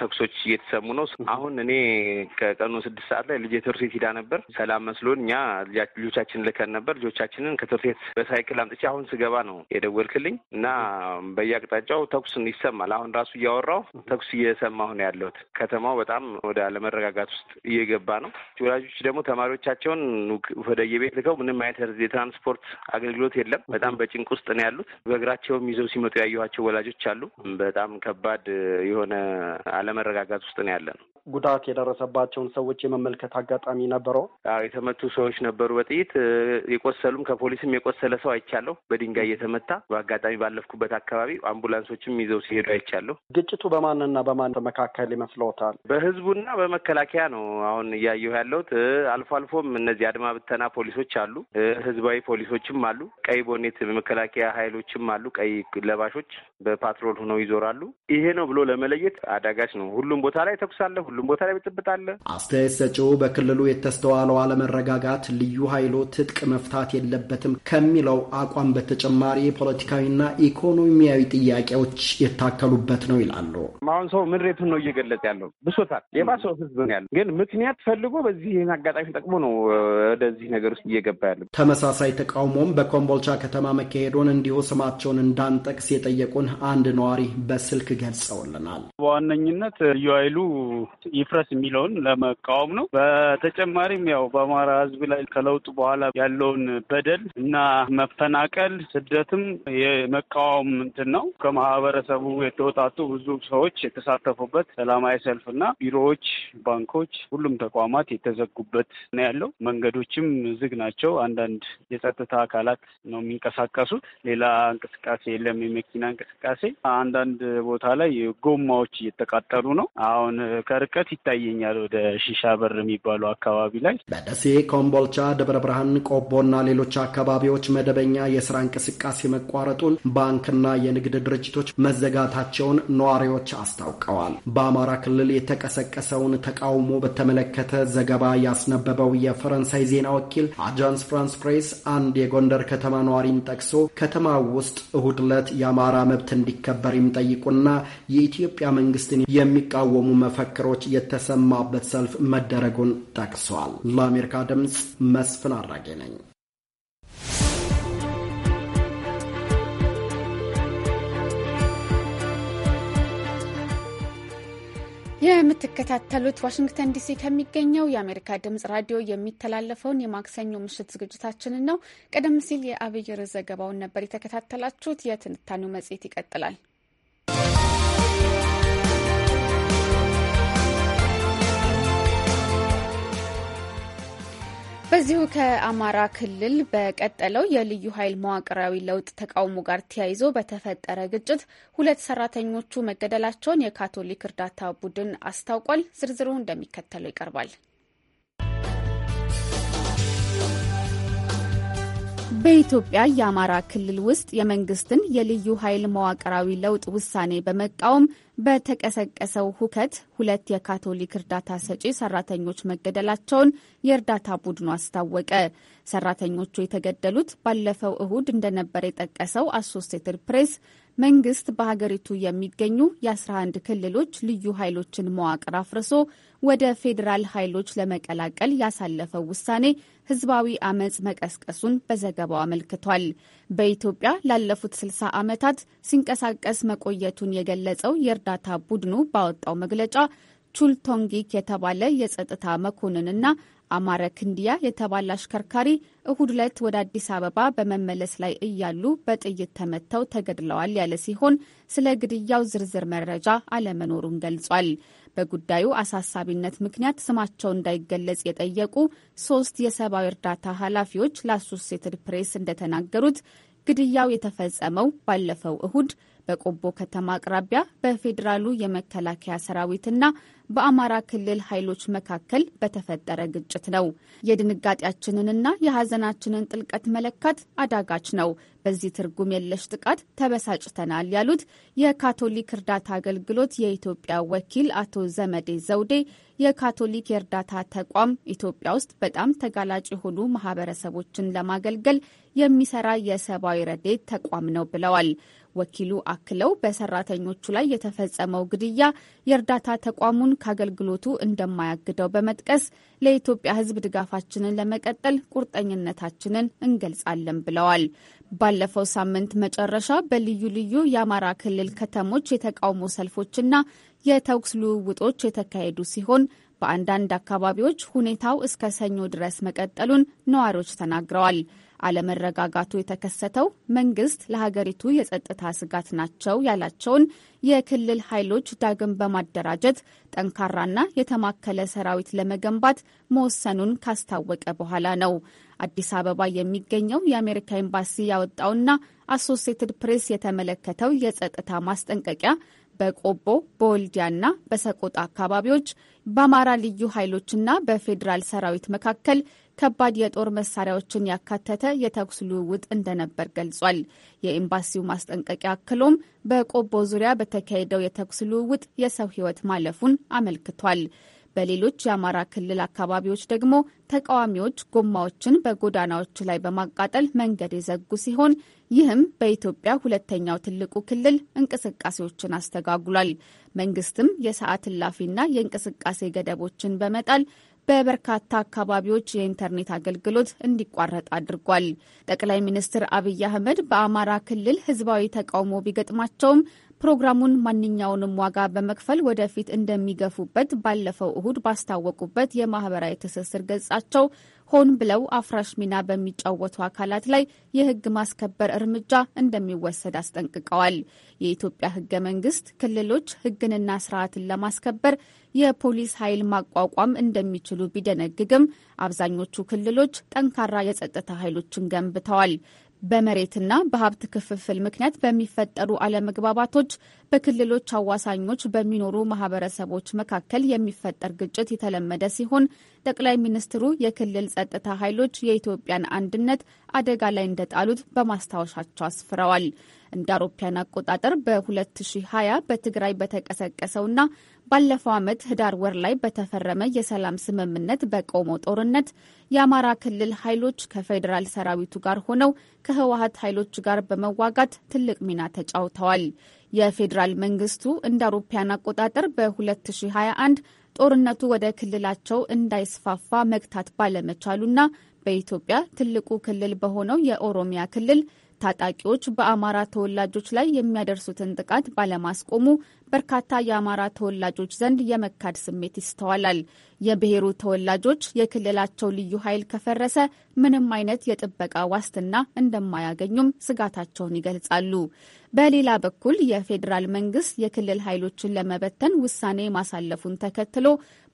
ተኩሶች እየተሰሙ ነው። አሁን እኔ ከቀኑ ስድስት ሰዓት ላይ ልጄ ትምህርት ቤት ሂዳ ነበር። ሰላም መስሎን እኛ ልጆቻችን ልከን ነበር። ልጆቻችንን ከትምህርት ቤት በሳይክል አምጥቼ አሁን ስገባ ነው የደወልክልኝ እና በየአቅጣጫው ተኩስ ይሰማል። አሁን ራሱ እያወራው ተኩስ እየሰማሁ ነው ያለሁት። ከተማው በጣም ወደ አለመረጋጋት ውስጥ እየገባ ነው። ወላጆች ደግሞ ተማሪዎቻቸውን ወደ የቤት ተዘግተው ምንም አይነት የትራንስፖርት አገልግሎት የለም። በጣም በጭንቅ ውስጥ ነው ያሉት። በእግራቸውም ይዘው ሲመጡ ያየኋቸው ወላጆች አሉ። በጣም ከባድ የሆነ አለመረጋጋት ውስጥ ነው ያለ ነው። ጉዳት የደረሰባቸውን ሰዎች የመመልከት አጋጣሚ ነበረው? የተመቱ ሰዎች ነበሩ በጥይት የቆሰሉም፣ ከፖሊስም የቆሰለ ሰው አይቻለሁ። በድንጋይ እየተመታ በአጋጣሚ ባለፍኩበት አካባቢ አምቡላንሶችም ይዘው ሲሄዱ አይቻለሁ። ግጭቱ በማንና በማን መካከል ይመስለዎታል? በህዝቡና በመከላከያ ነው አሁን እያየሁ ያለሁት። አልፎ አልፎም እነዚህ አድማ ብተና ፖሊሶች አሉ፣ ህዝባዊ ፖሊሶችም አሉ፣ ቀይ ቦኔት መከላከያ ኃይሎችም አሉ። ቀይ ለባሾች በፓትሮል ሆነው ይዞራሉ። ይሄ ነው ብሎ ለመለየት አዳጋች ነው። ሁሉም ቦታ ላይ ተኩስ አለ። ሁሉም ቦታ ላይ ብጥብጥ አለ። አስተያየት ሰጪው በክልሉ የተስተዋለው አለመረጋጋት ልዩ ኃይሉ ትጥቅ መፍታት የለበትም ከሚለው አቋም በተጨማሪ ፖለቲካዊና ኢኮኖሚያዊ ጥያቄዎች የታከሉበት ነው ይላሉ። አሁን ሰው ምሬቱን ነው እየገለጽ ያለው ብሶታል። የባሰው ህዝብ ነው ያለ። ግን ምክንያት ፈልጎ በዚህ አጋጣሚ ጠቅሞ ነው ወደዚህ ነገር ውስጥ እየገባ ያለ። ተመሳሳይ ተቃውሞም በኮምቦልቻ ከተማ መካሄዱን እንዲሁ ስማቸውን እንዳንጠቅስ የጠየቁን አንድ ነዋሪ በስልክ ገልጸውልናል። በዋነኝነት ልዩ ኃይሉ ይፍረስ የሚለውን ለመቃወም ነው። በተጨማሪም ያው በአማራ ህዝብ ላይ ከለውጡ በኋላ ያለውን በደል እና መፈናቀል፣ ስደትም የመቃወም እንትን ነው። ከማህበረሰቡ የተወጣጡ ብዙ ሰዎች የተሳተፉበት ሰላማዊ ሰልፍ እና ቢሮዎች፣ ባንኮች፣ ሁሉም ተቋማት የተዘጉበት ነው ያለው። መንገዶችም ዝግ ናቸው። አንዳንድ የጸጥታ አካላት ነው የሚንቀሳቀሱት። ሌላ እንቅስቃሴ የለም። የመኪና እንቅስቃሴ አንዳንድ ቦታ ላይ ጎማዎች እየተቃጠሉ ነው። አሁን ከርቀት ርቀት ይታየኛል ወደ ሺሻ በር የሚባሉ አካባቢ ላይ። በደሴ ኮምቦልቻ፣ ደብረ ብርሃን፣ ቆቦና ሌሎች አካባቢዎች መደበኛ የስራ እንቅስቃሴ መቋረጡን ባንክና የንግድ ድርጅቶች መዘጋታቸውን ነዋሪዎች አስታውቀዋል። በአማራ ክልል የተቀሰቀሰውን ተቃውሞ በተመለከተ ዘገባ ያስነበበው የፈረንሳይ ዜና ወኪል አጃንስ ፍራንስ ፕሬስ አንድ የጎንደር ከተማ ነዋሪን ጠቅሶ ከተማ ውስጥ እሁድ ዕለት የአማራ መብት እንዲከበር የሚጠይቁና የኢትዮጵያ መንግስትን የሚቃወሙ መፈክሮች ሰዎች የተሰማበት ሰልፍ መደረጉን ጠቅሰዋል። ለአሜሪካ ድምፅ መስፍን አራጌ ነኝ። የምትከታተሉት ዋሽንግተን ዲሲ ከሚገኘው የአሜሪካ ድምጽ ራዲዮ የሚተላለፈውን የማክሰኞ ምሽት ዝግጅታችንን ነው። ቀደም ሲል የአብይር ዘገባውን ነበር የተከታተላችሁት። የትንታኔው መጽሔት ይቀጥላል። በዚሁ ከአማራ ክልል በቀጠለው የልዩ ኃይል መዋቅራዊ ለውጥ ተቃውሞ ጋር ተያይዞ በተፈጠረ ግጭት ሁለት ሰራተኞቹ መገደላቸውን የካቶሊክ እርዳታ ቡድን አስታውቋል። ዝርዝሩ እንደሚከተለው ይቀርባል። በኢትዮጵያ የአማራ ክልል ውስጥ የመንግስትን የልዩ ኃይል መዋቅራዊ ለውጥ ውሳኔ በመቃወም በተቀሰቀሰው ሁከት ሁለት የካቶሊክ እርዳታ ሰጪ ሰራተኞች መገደላቸውን የእርዳታ ቡድኑ አስታወቀ። ሰራተኞቹ የተገደሉት ባለፈው እሁድ እንደነበር የጠቀሰው አሶሴትድ ፕሬስ መንግስት በሀገሪቱ የሚገኙ የ11 ክልሎች ልዩ ኃይሎችን መዋቅር አፍርሶ ወደ ፌዴራል ኃይሎች ለመቀላቀል ያሳለፈው ውሳኔ ህዝባዊ አመፅ መቀስቀሱን በዘገባው አመልክቷል። በኢትዮጵያ ላለፉት 60 ዓመታት ሲንቀሳቀስ መቆየቱን የገለጸው የእርዳታ ቡድኑ ባወጣው መግለጫ ቹልቶንጊክ የተባለ የጸጥታ መኮንንና አማረ ክንዲያ የተባለ አሽከርካሪ እሁድ ዕለት ወደ አዲስ አበባ በመመለስ ላይ እያሉ በጥይት ተመተው ተገድለዋል ያለ ሲሆን ስለ ግድያው ዝርዝር መረጃ አለመኖሩን ገልጿል። በጉዳዩ አሳሳቢነት ምክንያት ስማቸው እንዳይገለጽ የጠየቁ ሶስት የሰብአዊ እርዳታ ኃላፊዎች ለአሶሴትድ ፕሬስ እንደተናገሩት ግድያው የተፈጸመው ባለፈው እሁድ በቆቦ ከተማ አቅራቢያ በፌዴራሉ የመከላከያ ሰራዊትና በአማራ ክልል ኃይሎች መካከል በተፈጠረ ግጭት ነው። የድንጋጤያችንንና የሐዘናችንን ጥልቀት መለካት አዳጋች ነው። በዚህ ትርጉም የለሽ ጥቃት ተበሳጭተናል ያሉት የካቶሊክ እርዳታ አገልግሎት የኢትዮጵያ ወኪል አቶ ዘመዴ ዘውዴ የካቶሊክ የእርዳታ ተቋም ኢትዮጵያ ውስጥ በጣም ተጋላጭ የሆኑ ማህበረሰቦችን ለማገልገል የሚሰራ የሰብአዊ ረዴት ተቋም ነው ብለዋል። ወኪሉ አክለው በሰራተኞቹ ላይ የተፈጸመው ግድያ የእርዳታ ተቋሙን ከአገልግሎቱ እንደማያግደው በመጥቀስ ለኢትዮጵያ ሕዝብ ድጋፋችንን ለመቀጠል ቁርጠኝነታችንን እንገልጻለን ብለዋል። ባለፈው ሳምንት መጨረሻ በልዩ ልዩ የአማራ ክልል ከተሞች የተቃውሞ ሰልፎችና የተኩስ ልውውጦች የተካሄዱ ሲሆን በአንዳንድ አካባቢዎች ሁኔታው እስከ ሰኞ ድረስ መቀጠሉን ነዋሪዎች ተናግረዋል። አለመረጋጋቱ የተከሰተው መንግስት ለሀገሪቱ የጸጥታ ስጋት ናቸው ያላቸውን የክልል ኃይሎች ዳግም በማደራጀት ጠንካራና የተማከለ ሰራዊት ለመገንባት መወሰኑን ካስታወቀ በኋላ ነው። አዲስ አበባ የሚገኘው የአሜሪካ ኤምባሲ ያወጣውና አሶሴትድ ፕሬስ የተመለከተው የጸጥታ ማስጠንቀቂያ በቆቦ በወልዲያና በሰቆጣ አካባቢዎች በአማራ ልዩ ኃይሎችና በፌዴራል ሰራዊት መካከል ከባድ የጦር መሳሪያዎችን ያካተተ የተኩስ ልውውጥ እንደነበር ገልጿል። የኤምባሲው ማስጠንቀቂያ አክሎም በቆቦ ዙሪያ በተካሄደው የተኩስ ልውውጥ የሰው ሕይወት ማለፉን አመልክቷል። በሌሎች የአማራ ክልል አካባቢዎች ደግሞ ተቃዋሚዎች ጎማዎችን በጎዳናዎች ላይ በማቃጠል መንገድ የዘጉ ሲሆን ይህም በኢትዮጵያ ሁለተኛው ትልቁ ክልል እንቅስቃሴዎችን አስተጋጉሏል። መንግስትም የሰዓት እላፊና የእንቅስቃሴ ገደቦችን በመጣል በበርካታ አካባቢዎች የኢንተርኔት አገልግሎት እንዲቋረጥ አድርጓል። ጠቅላይ ሚኒስትር አብይ አህመድ በአማራ ክልል ህዝባዊ ተቃውሞ ቢገጥማቸውም ፕሮግራሙን ማንኛውንም ዋጋ በመክፈል ወደፊት እንደሚገፉበት ባለፈው እሁድ ባስታወቁበት የማህበራዊ ትስስር ገጻቸው ሆን ብለው አፍራሽ ሚና በሚጫወቱ አካላት ላይ የህግ ማስከበር እርምጃ እንደሚወሰድ አስጠንቅቀዋል። የኢትዮጵያ ህገ መንግስት ክልሎች ህግንና ስርዓትን ለማስከበር የፖሊስ ኃይል ማቋቋም እንደሚችሉ ቢደነግግም አብዛኞቹ ክልሎች ጠንካራ የጸጥታ ኃይሎችን ገንብተዋል። በመሬትና በሀብት ክፍፍል ምክንያት በሚፈጠሩ አለመግባባቶች በክልሎች አዋሳኞች በሚኖሩ ማህበረሰቦች መካከል የሚፈጠር ግጭት የተለመደ ሲሆን ጠቅላይ ሚኒስትሩ የክልል ጸጥታ ኃይሎች የኢትዮጵያን አንድነት አደጋ ላይ እንደጣሉት በማስታወሻቸው አስፍረዋል። እንደ አውሮፓያን አቆጣጠር በ2020 በትግራይ በተቀሰቀሰውና ባለፈው ዓመት ህዳር ወር ላይ በተፈረመ የሰላም ስምምነት በቆመው ጦርነት የአማራ ክልል ኃይሎች ከፌዴራል ሰራዊቱ ጋር ሆነው ከህወሀት ኃይሎች ጋር በመዋጋት ትልቅ ሚና ተጫውተዋል። የፌዴራል መንግስቱ እንደ አውሮፓያን አቆጣጠር በ2021 ጦርነቱ ወደ ክልላቸው እንዳይስፋፋ መግታት ባለመቻሉና በኢትዮጵያ ትልቁ ክልል በሆነው የኦሮሚያ ክልል ታጣቂዎች በአማራ ተወላጆች ላይ የሚያደርሱትን ጥቃት ባለማስቆሙ በርካታ የአማራ ተወላጆች ዘንድ የመካድ ስሜት ይስተዋላል። የብሔሩ ተወላጆች የክልላቸው ልዩ ኃይል ከፈረሰ ምንም አይነት የጥበቃ ዋስትና እንደማያገኙም ስጋታቸውን ይገልጻሉ። በሌላ በኩል የፌዴራል መንግስት የክልል ኃይሎችን ለመበተን ውሳኔ ማሳለፉን ተከትሎ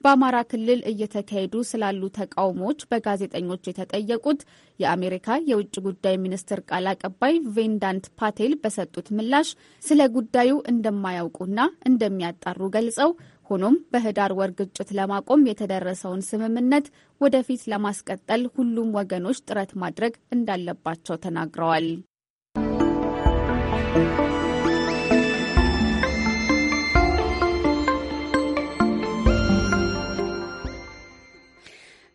በአማራ ክልል እየተካሄዱ ስላሉ ተቃውሞዎች በጋዜጠኞች የተጠየቁት የአሜሪካ የውጭ ጉዳይ ሚኒስትር ቃል አቀባይ ቬንዳንት ፓቴል በሰጡት ምላሽ ስለ ጉዳዩ እንደማያውቁና እንደሚያጣሩ ገልጸው ሆኖም በህዳር ወር ግጭት ለማቆም የተደረሰውን ስምምነት ወደፊት ለማስቀጠል ሁሉም ወገኖች ጥረት ማድረግ እንዳለባቸው ተናግረዋል። Thank you.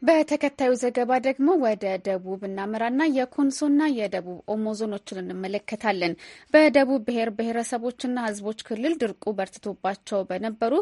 በተከታዩ ዘገባ ደግሞ ወደ ደቡብ እናምራና የኮንሶና የደቡብ ኦሞ ዞኖችን እንመለከታለን። በደቡብ ብሔር ብሔረሰቦችና ሕዝቦች ክልል ድርቁ በርትቶባቸው በነበሩ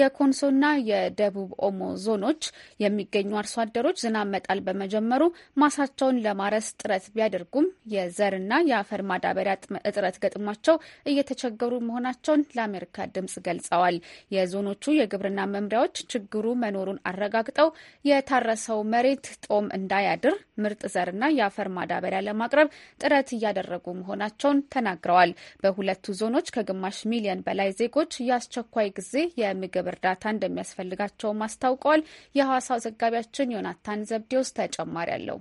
የኮንሶና የደቡብ ኦሞ ዞኖች የሚገኙ አርሶ አደሮች ዝናብ መጣል በመጀመሩ ማሳቸውን ለማረስ ጥረት ቢያደርጉም የዘርና የአፈር ማዳበሪያ እጥረት ገጥሟቸው እየተቸገሩ መሆናቸውን ለአሜሪካ ድምጽ ገልጸዋል። የዞኖቹ የግብርና መምሪያዎች ችግሩ መኖሩን አረጋግጠው የታረሰ። ያላቸው መሬት ጦም እንዳያድር ምርጥ ዘርና የአፈር ማዳበሪያ ለማቅረብ ጥረት እያደረጉ መሆናቸውን ተናግረዋል። በሁለቱ ዞኖች ከግማሽ ሚሊዮን በላይ ዜጎች የአስቸኳይ ጊዜ የምግብ እርዳታ እንደሚያስፈልጋቸውም አስታውቀዋል። የሐዋሳው ዘጋቢያችን ዮናታን ዘብዴውስ ተጨማሪ አለው።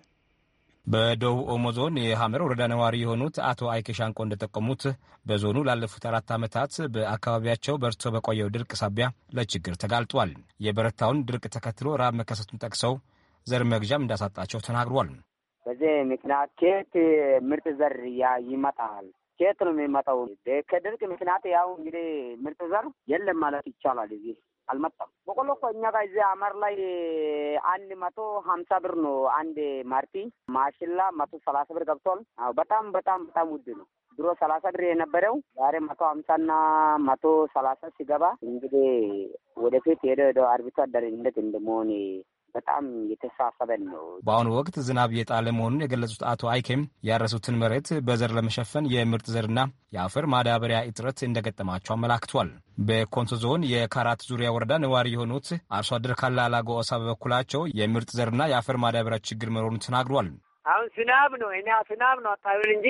በደቡብ ኦሞ ዞን የሐመር ወረዳ ነዋሪ የሆኑት አቶ አይከሻንቆ እንደጠቆሙት በዞኑ ላለፉት አራት ዓመታት በአካባቢያቸው በርቶ በቆየው ድርቅ ሳቢያ ለችግር ተጋልጧል። የበረታውን ድርቅ ተከትሎ ራብ መከሰቱን ጠቅሰው ዘር መግዣም እንዳሳጣቸው ተናግሯል። በዚህ ምክንያት ኬት ምርጥ ዘር ያ ይመጣል ኬት ነው የሚመጣው። ከድርቅ ምክንያት ያው እንግዲህ ምርጥ ዘር የለም ማለት ይቻላል። እዚህ አልመጣም። በቆሎ እኮ እኛ ጋር እዚህ አመር ላይ አንድ መቶ ሀምሳ ብር ነው አንድ ማርቲ። ማሽላ መቶ ሰላሳ ብር ገብቷል። አዎ በጣም በጣም በጣም ውድ ነው። ድሮ ሰላሳ ብር የነበረው ዛሬ መቶ ሀምሳና መቶ ሰላሳ ሲገባ እንግዲህ ወደፊት ሄደ ሄደ አርብቶ አደር እንዴት እንደመሆን በጣም የተሳሰበን ነው። በአሁኑ ወቅት ዝናብ የጣለ መሆኑን የገለጹት አቶ አይኬም ያረሱትን መሬት በዘር ለመሸፈን የምርጥ ዘርና የአፈር ማዳበሪያ እጥረት እንደገጠማቸው አመላክቷል። በኮንሶ ዞን የካራት ዙሪያ ወረዳ ነዋሪ የሆኑት አርሶ አደር ካላላ ጎሳ በበኩላቸው የምርጥ ዘርና የአፈር ማዳበሪያ ችግር መኖሩን ተናግሯል። አሁን ዝናብ ነው እኔ ዝናብ ነው አጣሁን እንጂ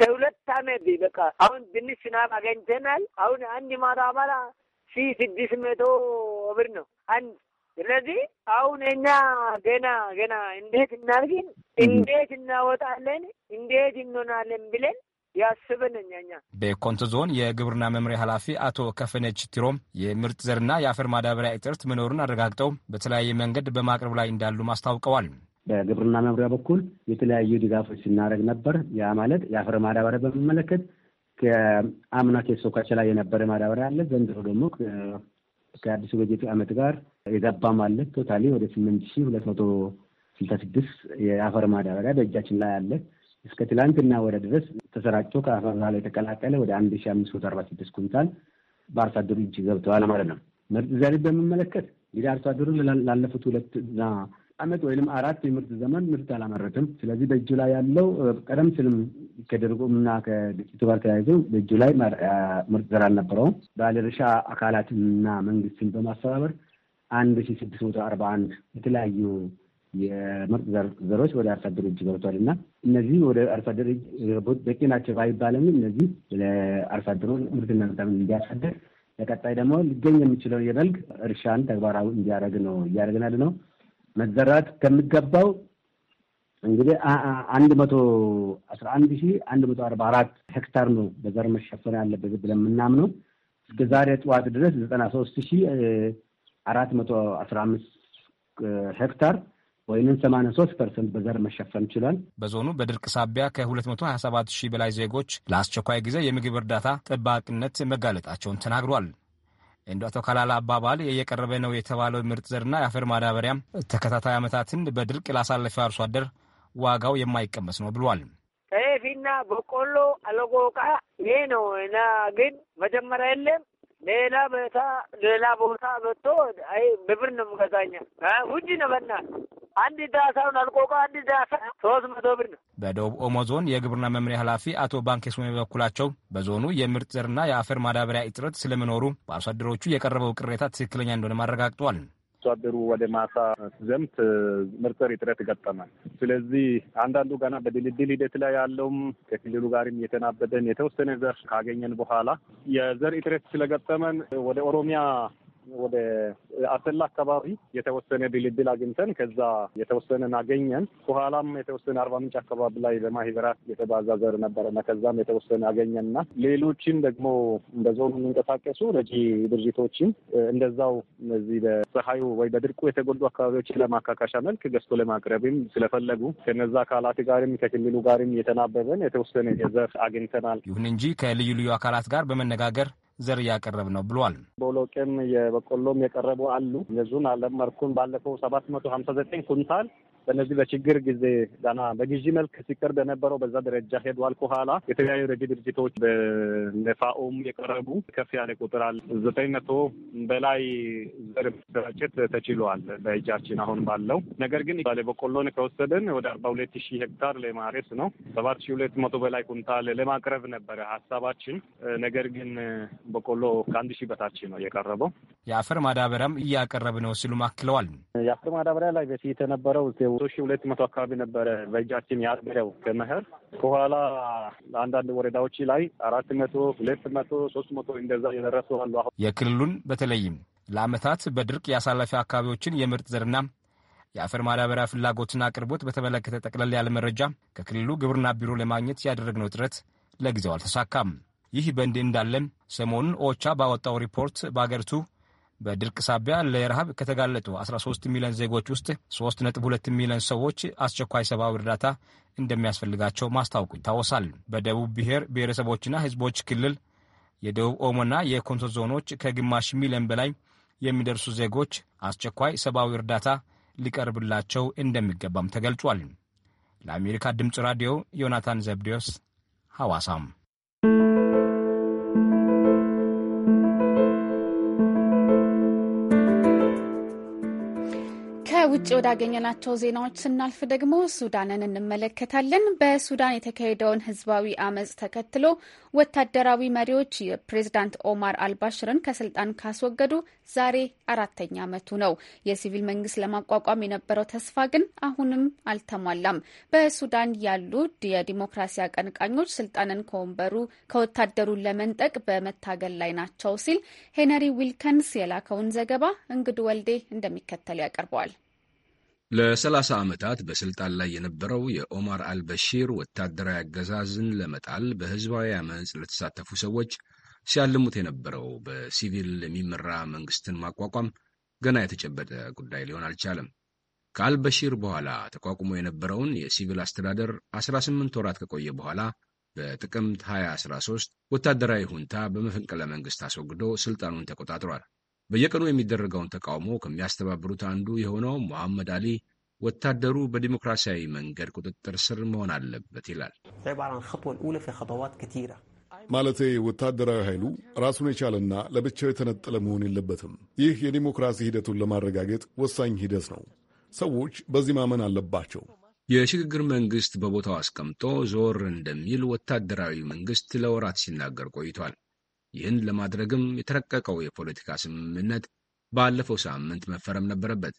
ከሁለት ዓመት በቃ አሁን ትንሽ ዝናብ አገኝተናል። አሁን አንድ ማዳበሪያ ሺ ስድስት መቶ ብር ነው አንድ ስለዚህ አሁን እኛ ገና ገና እንዴት እናድርግን፣ እንዴት እናወጣለን፣ እንዴት እንሆናለን ብለን ያስበን እኛኛ በኮንቶ ዞን የግብርና መምሪያ ኃላፊ አቶ ከፈነች ቲሮም የምርጥ ዘርና የአፈር ማዳበሪያ እጥረት መኖሩን አረጋግጠው በተለያየ መንገድ በማቅረብ ላይ እንዳሉም አስታውቀዋል። በግብርና መምሪያ በኩል የተለያዩ ድጋፎች ስናደርግ ነበር። ያ ማለት የአፈር ማዳበሪያ በሚመለከት ከአምና ኬሶ ላይ የነበረ ማዳበሪያ አለ። ዘንድሮ ደግሞ ከአዲሱ በጀት ዓመት ጋር የገባም አለ። ቶታሊ ወደ ስምንት ሺ ሁለት መቶ ስልሳ ስድስት የአፈር ማዳበሪያ በእጃችን ላይ አለ። እስከ ትላንትና ወደ ድረስ ተሰራጮ ከአፈር ላይ የተቀላቀለ ወደ አንድ ሺ አምስት መቶ አርባ ስድስት ኩንታል በአርሶ አደሩ እጅ ገብተዋል ማለት ነው። ምርጥ ዘር በምመለከት እንግዲህ አርሶ አደሩ ላለፉት ሁለትና ዓመት ወይም አራት የምርት ዘመን ምርት አላመረትም። ስለዚህ በእጁ ላይ ያለው ቀደም ሲልም ከድርቁምና ከግጭቱ ጋር ተያይዞ በእጁ ላይ ምርጥ ዘር አልነበረውም። ባለድርሻ አካላትንና መንግስትን በማስተባበር አንድ ሺ ስድስት መቶ አርባ አንድ የተለያዩ የምርጥ ዘሮች ወደ አርሶ አደር እጅ ገብቷል እና እነዚህ ወደ አርሶ አደር እጅ በቂ ናቸው ባይባለም እነዚህ ለአርሶ አደሩ ምርትና ምርታምን እንዲያሳደር ለቀጣይ ደግሞ ሊገኝ የሚችለው የበልግ እርሻን ተግባራዊ እንዲያደረግ ነው እያደረግናል ነው መዘራት ከሚገባው እንግዲህ አንድ መቶ አስራ አንድ ሺ አንድ መቶ አርባ አራት ሄክታር ነው በዘር መሸፈን ያለበት ብለን የምናምነው እስከ ዛሬ ጠዋት ድረስ ዘጠና ሶስት ሺ አራት መቶ አስራ አምስት ሄክታር ወይም 83 ፐርሰንት በዘር መሸፈን ችሏል። በዞኑ በድርቅ ሳቢያ ከ227 ሺህ በላይ ዜጎች ለአስቸኳይ ጊዜ የምግብ እርዳታ ጠባቂነት መጋለጣቸውን ተናግሯል። እንደ አቶ ካላላ አባባል እየቀረበ ነው የተባለው ምርጥ ዘርና የአፈር ማዳበሪያ ተከታታይ ዓመታትን በድርቅ ላሳለፈ አርሶ አደር ዋጋው የማይቀመስ ነው ብሏል። ጤፍና በቆሎ አለጎቃ ይሄ ነው እና ግን መጀመሪያ የለም ሌላ ቦታ ሌላ ቦታ መጥቶ አይ በብር ነው የምገዛኛ ውጅ ነው በና አንድ ዳሳውን አልቆቆ አንድ ዳሳ ሶስት መቶ ብር ነው። በደቡብ ኦሞ ዞን የግብርና መምሪያ ኃላፊ አቶ ባንኬሱሜ በበኩላቸው በዞኑ የምርጥ ዘርና የአፈር ማዳበሪያ እጥረት ስለመኖሩ በአርሶ አደሮቹ የቀረበው ቅሬታ ትክክለኛ እንደሆነ አረጋግጧል። አርሶ አደሩ ወደ ማሳ ዘምት ምርጥር እጥረት ገጠመን። ስለዚህ አንዳንዱ ገና በድልድል ሂደት ላይ ያለውም ከክልሉ ጋርም የተናበደን የተወሰነ ዘር ካገኘን በኋላ የዘር እጥረት ስለገጠመን ወደ ኦሮሚያ ወደ አሰላ አካባቢ የተወሰነ ድልድል አግኝተን ከዛ የተወሰነን አገኘን። በኋላም የተወሰነ አርባ ምንጭ አካባቢ ላይ በማህበራት የተባዛ ዘር ነበረና ከዛም የተወሰነ አገኘንና ሌሎችም ደግሞ በዞኑ የሚንቀሳቀሱ ረጂ ድርጅቶችም እንደዛው እነዚህ በፀሐዩ ወይ በድርቁ የተጎዱ አካባቢዎችን ለማካካሻ መልክ ገዝቶ ለማቅረብም ስለፈለጉ ከነዛ አካላት ጋርም ከክልሉ ጋርም የተናበበን የተወሰነ የዘር አግኝተናል። ይሁን እንጂ ከልዩ ልዩ አካላት ጋር በመነጋገር ዘር እያቀረብ ነው ብሏል። ቦሎቄም የበቆሎም የቀረቡ አሉ የዙን አለመርኩን ባለፈው ሰባት መቶ ሀምሳ ዘጠኝ ኩንታል በነዚህ በችግር ጊዜ ዳና በግዢ መልክ ሲቀርብ የነበረው በዛ ደረጃ ሄዷል። ከኋላ የተለያዩ ረጂ ድርጅቶች በነፋኦም የቀረቡ ከፍ ያለ ቁጥር አለ። ዘጠኝ መቶ በላይ ዘር ተችሏል በእጃችን አሁን ባለው ነገር ግን ባለ በቆሎን ከወሰደን ወደ አርባ ሁለት ሺህ ሄክታር ለማረስ ነው። ሰባት ሺህ ሁለት መቶ በላይ ኩንታል ለማቅረብ ነበረ ሀሳባችን። ነገር ግን በቆሎ ከአንድ ሺህ በታች ነው የቀረበው። የአፈር ማዳበሪያም እያቀረብ ነው ሲሉ አክለዋል። የአፈር ማዳበሪያ ላይ በፊት የነበረው ሶስት ሺ ሁለት መቶ አካባቢ ነበረ በእጃችን ያገረው ከመኸር ከኋላ አንዳንድ ወረዳዎች ላይ አራት መቶ ሁለት መቶ ሶስት መቶ እንደዛ የደረሱ አሉ። አሁን የክልሉን በተለይም ለአመታት በድርቅ ያሳለፈ አካባቢዎችን የምርጥ ዘርና የአፈር ማዳበሪያ ፍላጎትና አቅርቦት በተመለከተ ጠቅለል ያለ መረጃ ከክልሉ ግብርና ቢሮ ለማግኘት ያደረግነው ጥረት ለጊዜው አልተሳካም። ይህ በእንዲህ እንዳለም ሰሞኑን ኦቻ ባወጣው ሪፖርት በአገሪቱ በድርቅ ሳቢያ ለረሃብ ከተጋለጡ 13 ሚሊዮን ዜጎች ውስጥ 3.2 ሚሊዮን ሰዎች አስቸኳይ ሰብአዊ እርዳታ እንደሚያስፈልጋቸው ማስታወቁ ይታወሳል። በደቡብ ብሔር ብሔረሰቦችና ሕዝቦች ክልል የደቡብ ኦሞና የኮንሶ ዞኖች ከግማሽ ሚሊዮን በላይ የሚደርሱ ዜጎች አስቸኳይ ሰብአዊ እርዳታ ሊቀርብላቸው እንደሚገባም ተገልጿል። ለአሜሪካ ድምፅ ራዲዮ ዮናታን ዘብዴዎስ ሐዋሳም ከውጭ ወዳገኘናቸው ዜናዎች ስናልፍ ደግሞ ሱዳንን እንመለከታለን። በሱዳን የተካሄደውን ህዝባዊ አመጽ ተከትሎ ወታደራዊ መሪዎች የፕሬዝዳንት ኦማር አልባሽርን ከስልጣን ካስወገዱ ዛሬ አራተኛ ዓመቱ ነው። የሲቪል መንግስት ለማቋቋም የነበረው ተስፋ ግን አሁንም አልተሟላም። በሱዳን ያሉ የዲሞክራሲ አቀንቃኞች ስልጣንን ከወንበሩ ከወታደሩ ለመንጠቅ በመታገል ላይ ናቸው ሲል ሄነሪ ዊልከንስ የላከውን ዘገባ እንግዱ ወልዴ እንደሚከተል ያቀርበዋል። ለ30 ዓመታት በስልጣን ላይ የነበረው የኦማር አልበሺር ወታደራዊ አገዛዝን ለመጣል በህዝባዊ አመፅ ለተሳተፉ ሰዎች ሲያልሙት የነበረው በሲቪል የሚመራ መንግስትን ማቋቋም ገና የተጨበጠ ጉዳይ ሊሆን አልቻለም። ከአልበሺር በኋላ ተቋቁሞ የነበረውን የሲቪል አስተዳደር 18 ወራት ከቆየ በኋላ በጥቅምት 2013 ወታደራዊ ሁንታ በመፈንቅለ መንግስት አስወግዶ ስልጣኑን ተቆጣጥሯል። በየቀኑ የሚደረገውን ተቃውሞ ከሚያስተባብሩት አንዱ የሆነው መሐመድ አሊ ወታደሩ በዲሞክራሲያዊ መንገድ ቁጥጥር ስር መሆን አለበት ይላል። ማለቴ ወታደራዊ ኃይሉ ራሱን የቻለና ለብቻው የተነጠለ መሆን የለበትም። ይህ የዲሞክራሲ ሂደቱን ለማረጋገጥ ወሳኝ ሂደት ነው። ሰዎች በዚህ ማመን አለባቸው። የሽግግር መንግስት በቦታው አስቀምጦ ዞር እንደሚል ወታደራዊ መንግስት ለወራት ሲናገር ቆይቷል። ይህን ለማድረግም የተረቀቀው የፖለቲካ ስምምነት ባለፈው ሳምንት መፈረም ነበረበት።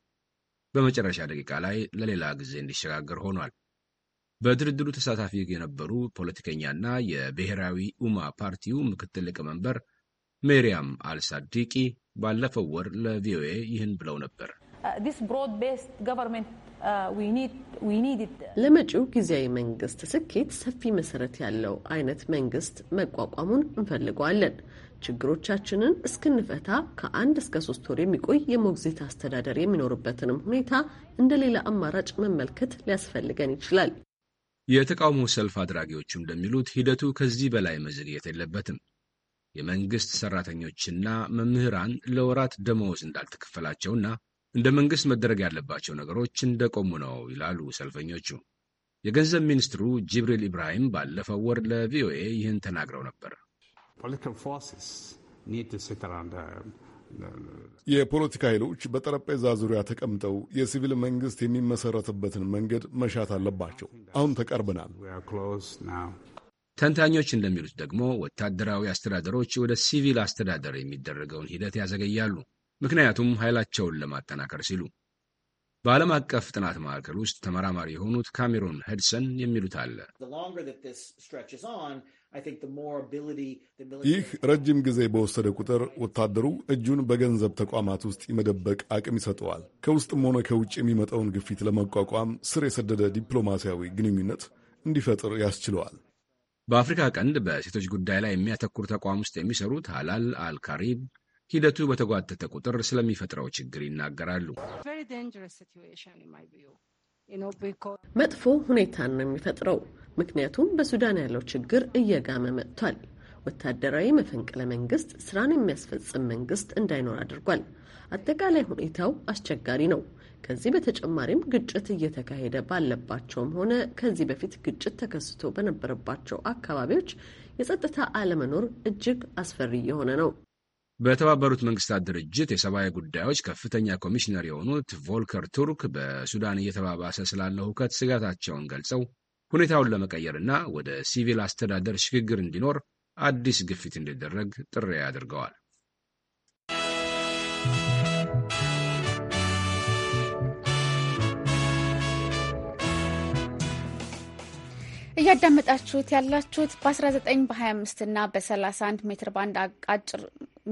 በመጨረሻ ደቂቃ ላይ ለሌላ ጊዜ እንዲሸጋገር ሆኗል። በድርድሩ ተሳታፊ የነበሩ ፖለቲከኛና የብሔራዊ ኡማ ፓርቲው ምክትል ሊቀመንበር ሜሪያም አልሳዲቂ ባለፈው ወር ለቪኦኤ ይህን ብለው ነበር። uh, Uh, ለመጪው ጊዜያዊ መንግስት ስኬት ሰፊ መሰረት ያለው አይነት መንግስት መቋቋሙን እንፈልገዋለን። ችግሮቻችንን እስክንፈታ ከአንድ እስከ ሶስት ወር የሚቆይ የሞግዚት አስተዳደር የሚኖርበትንም ሁኔታ እንደ ሌላ አማራጭ መመልከት ሊያስፈልገን ይችላል። የተቃውሞ ሰልፍ አድራጊዎቹ እንደሚሉት ሂደቱ ከዚህ በላይ መዘግየት የለበትም። የመንግስት ሰራተኞችና መምህራን ለወራት ደመወዝ እንዳልተከፈላቸውና እንደ መንግሥት መደረግ ያለባቸው ነገሮች እንደቆሙ ነው ይላሉ ሰልፈኞቹ። የገንዘብ ሚኒስትሩ ጅብሪል ኢብራሂም ባለፈው ወር ለቪኦኤ ይህን ተናግረው ነበር። uh, uh, የፖለቲካ ኃይሎች በጠረጴዛ ዙሪያ ተቀምጠው የሲቪል መንግሥት የሚመሠረትበትን መንገድ መሻት አለባቸው። አሁን ተቀርበናል። ተንታኞች እንደሚሉት ደግሞ ወታደራዊ አስተዳደሮች ወደ ሲቪል አስተዳደር የሚደረገውን ሂደት ያዘገያሉ። ምክንያቱም ኃይላቸውን ለማጠናከር ሲሉ በዓለም አቀፍ ጥናት ማዕከል ውስጥ ተመራማሪ የሆኑት ካሜሮን ሄድሰን የሚሉት አለ። ይህ ረጅም ጊዜ በወሰደ ቁጥር ወታደሩ እጁን በገንዘብ ተቋማት ውስጥ የመደበቅ አቅም ይሰጠዋል። ከውስጥም ሆነ ከውጭ የሚመጣውን ግፊት ለመቋቋም ስር የሰደደ ዲፕሎማሲያዊ ግንኙነት እንዲፈጥር ያስችለዋል። በአፍሪካ ቀንድ በሴቶች ጉዳይ ላይ የሚያተኩር ተቋም ውስጥ የሚሰሩት ሃላል አልካሪብ ሂደቱ በተጓተተ ቁጥር ስለሚፈጥረው ችግር ይናገራሉ። መጥፎ ሁኔታን ነው የሚፈጥረው። ምክንያቱም በሱዳን ያለው ችግር እየጋመ መጥቷል። ወታደራዊ መፈንቅለ መንግስት ስራን የሚያስፈጽም መንግስት እንዳይኖር አድርጓል። አጠቃላይ ሁኔታው አስቸጋሪ ነው። ከዚህ በተጨማሪም ግጭት እየተካሄደ ባለባቸውም ሆነ ከዚህ በፊት ግጭት ተከስቶ በነበረባቸው አካባቢዎች የጸጥታ አለመኖር እጅግ አስፈሪ የሆነ ነው። በተባበሩት መንግስታት ድርጅት የሰብአዊ ጉዳዮች ከፍተኛ ኮሚሽነር የሆኑት ቮልከር ቱርክ በሱዳን እየተባባሰ ስላለው ሁከት ስጋታቸውን ገልጸው ሁኔታውን ለመቀየርና ወደ ሲቪል አስተዳደር ሽግግር እንዲኖር አዲስ ግፊት እንዲደረግ ጥሪ አድርገዋል። እያዳመጣችሁት ያላችሁት በ19 በ25 እና በ31 ሜትር ባንድ አጭር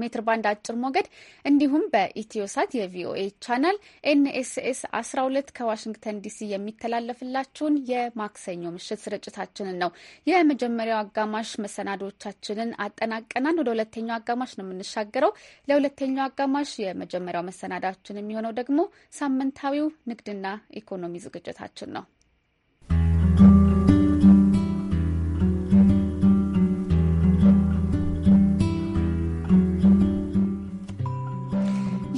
ሜትር ባንድ አጭር ሞገድ እንዲሁም በኢትዮሳት የቪኦኤ ቻናል ኤንኤስኤስ 12 ከዋሽንግተን ዲሲ የሚተላለፍላችሁን የማክሰኞ ምሽት ስርጭታችንን ነው። የመጀመሪያው አጋማሽ መሰናዶቻችንን አጠናቀናል። ወደ ሁለተኛው አጋማሽ ነው የምንሻገረው። ለሁለተኛው አጋማሽ የመጀመሪያው መሰናዳችን የሚሆነው ደግሞ ሳምንታዊው ንግድና ኢኮኖሚ ዝግጅታችን ነው።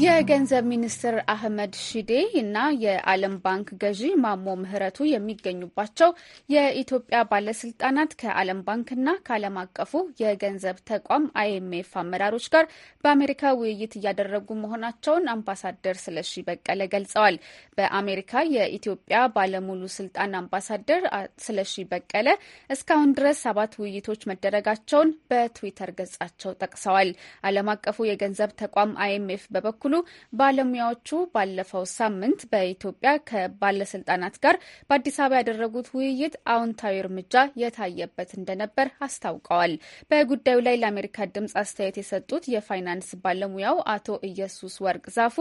የገንዘብ ሚኒስትር አህመድ ሺዴ እና የዓለም ባንክ ገዢ ማሞ ምህረቱ የሚገኙባቸው የኢትዮጵያ ባለስልጣናት ከዓለም ባንክና ከዓለም አቀፉ የገንዘብ ተቋም አይኤምኤፍ አመራሮች ጋር በአሜሪካ ውይይት እያደረጉ መሆናቸውን አምባሳደር ስለሺ በቀለ ገልጸዋል። በአሜሪካ የኢትዮጵያ ባለሙሉ ስልጣን አምባሳደር ስለሺ በቀለ እስካሁን ድረስ ሰባት ውይይቶች መደረጋቸውን በትዊተር ገጻቸው ጠቅሰዋል። ዓለም አቀፉ የገንዘብ ተቋም አይኤምኤፍ በበኩሉ ባለሙያዎቹ ባለፈው ሳምንት በኢትዮጵያ ከባለስልጣናት ጋር በአዲስ አበባ ያደረጉት ውይይት አዎንታዊ እርምጃ የታየበት እንደነበር አስታውቀዋል። በጉዳዩ ላይ ለአሜሪካ ድምጽ አስተያየት የሰጡት የፋይናንስ ባለሙያው አቶ ኢየሱስ ወርቅ ዛፉ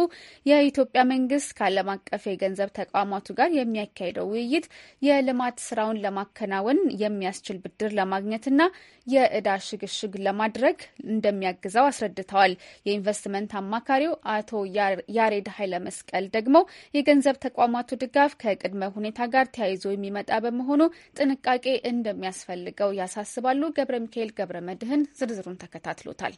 የኢትዮጵያ መንግስት ከዓለም አቀፍ የገንዘብ ተቋማቱ ጋር የሚያካሂደው ውይይት የልማት ስራውን ለማከናወን የሚያስችል ብድር ለማግኘትና የእዳ ሽግሽግ ለማድረግ እንደሚያግዘው አስረድተዋል። የኢንቨስትመንት አማካሪው አቶ ያሬድ ኃይለ መስቀል ደግሞ የገንዘብ ተቋማቱ ድጋፍ ከቅድመ ሁኔታ ጋር ተያይዞ የሚመጣ በመሆኑ ጥንቃቄ እንደሚያስፈልገው ያሳስባሉ። ገብረ ሚካኤል ገብረ መድህን ዝርዝሩን ተከታትሎታል።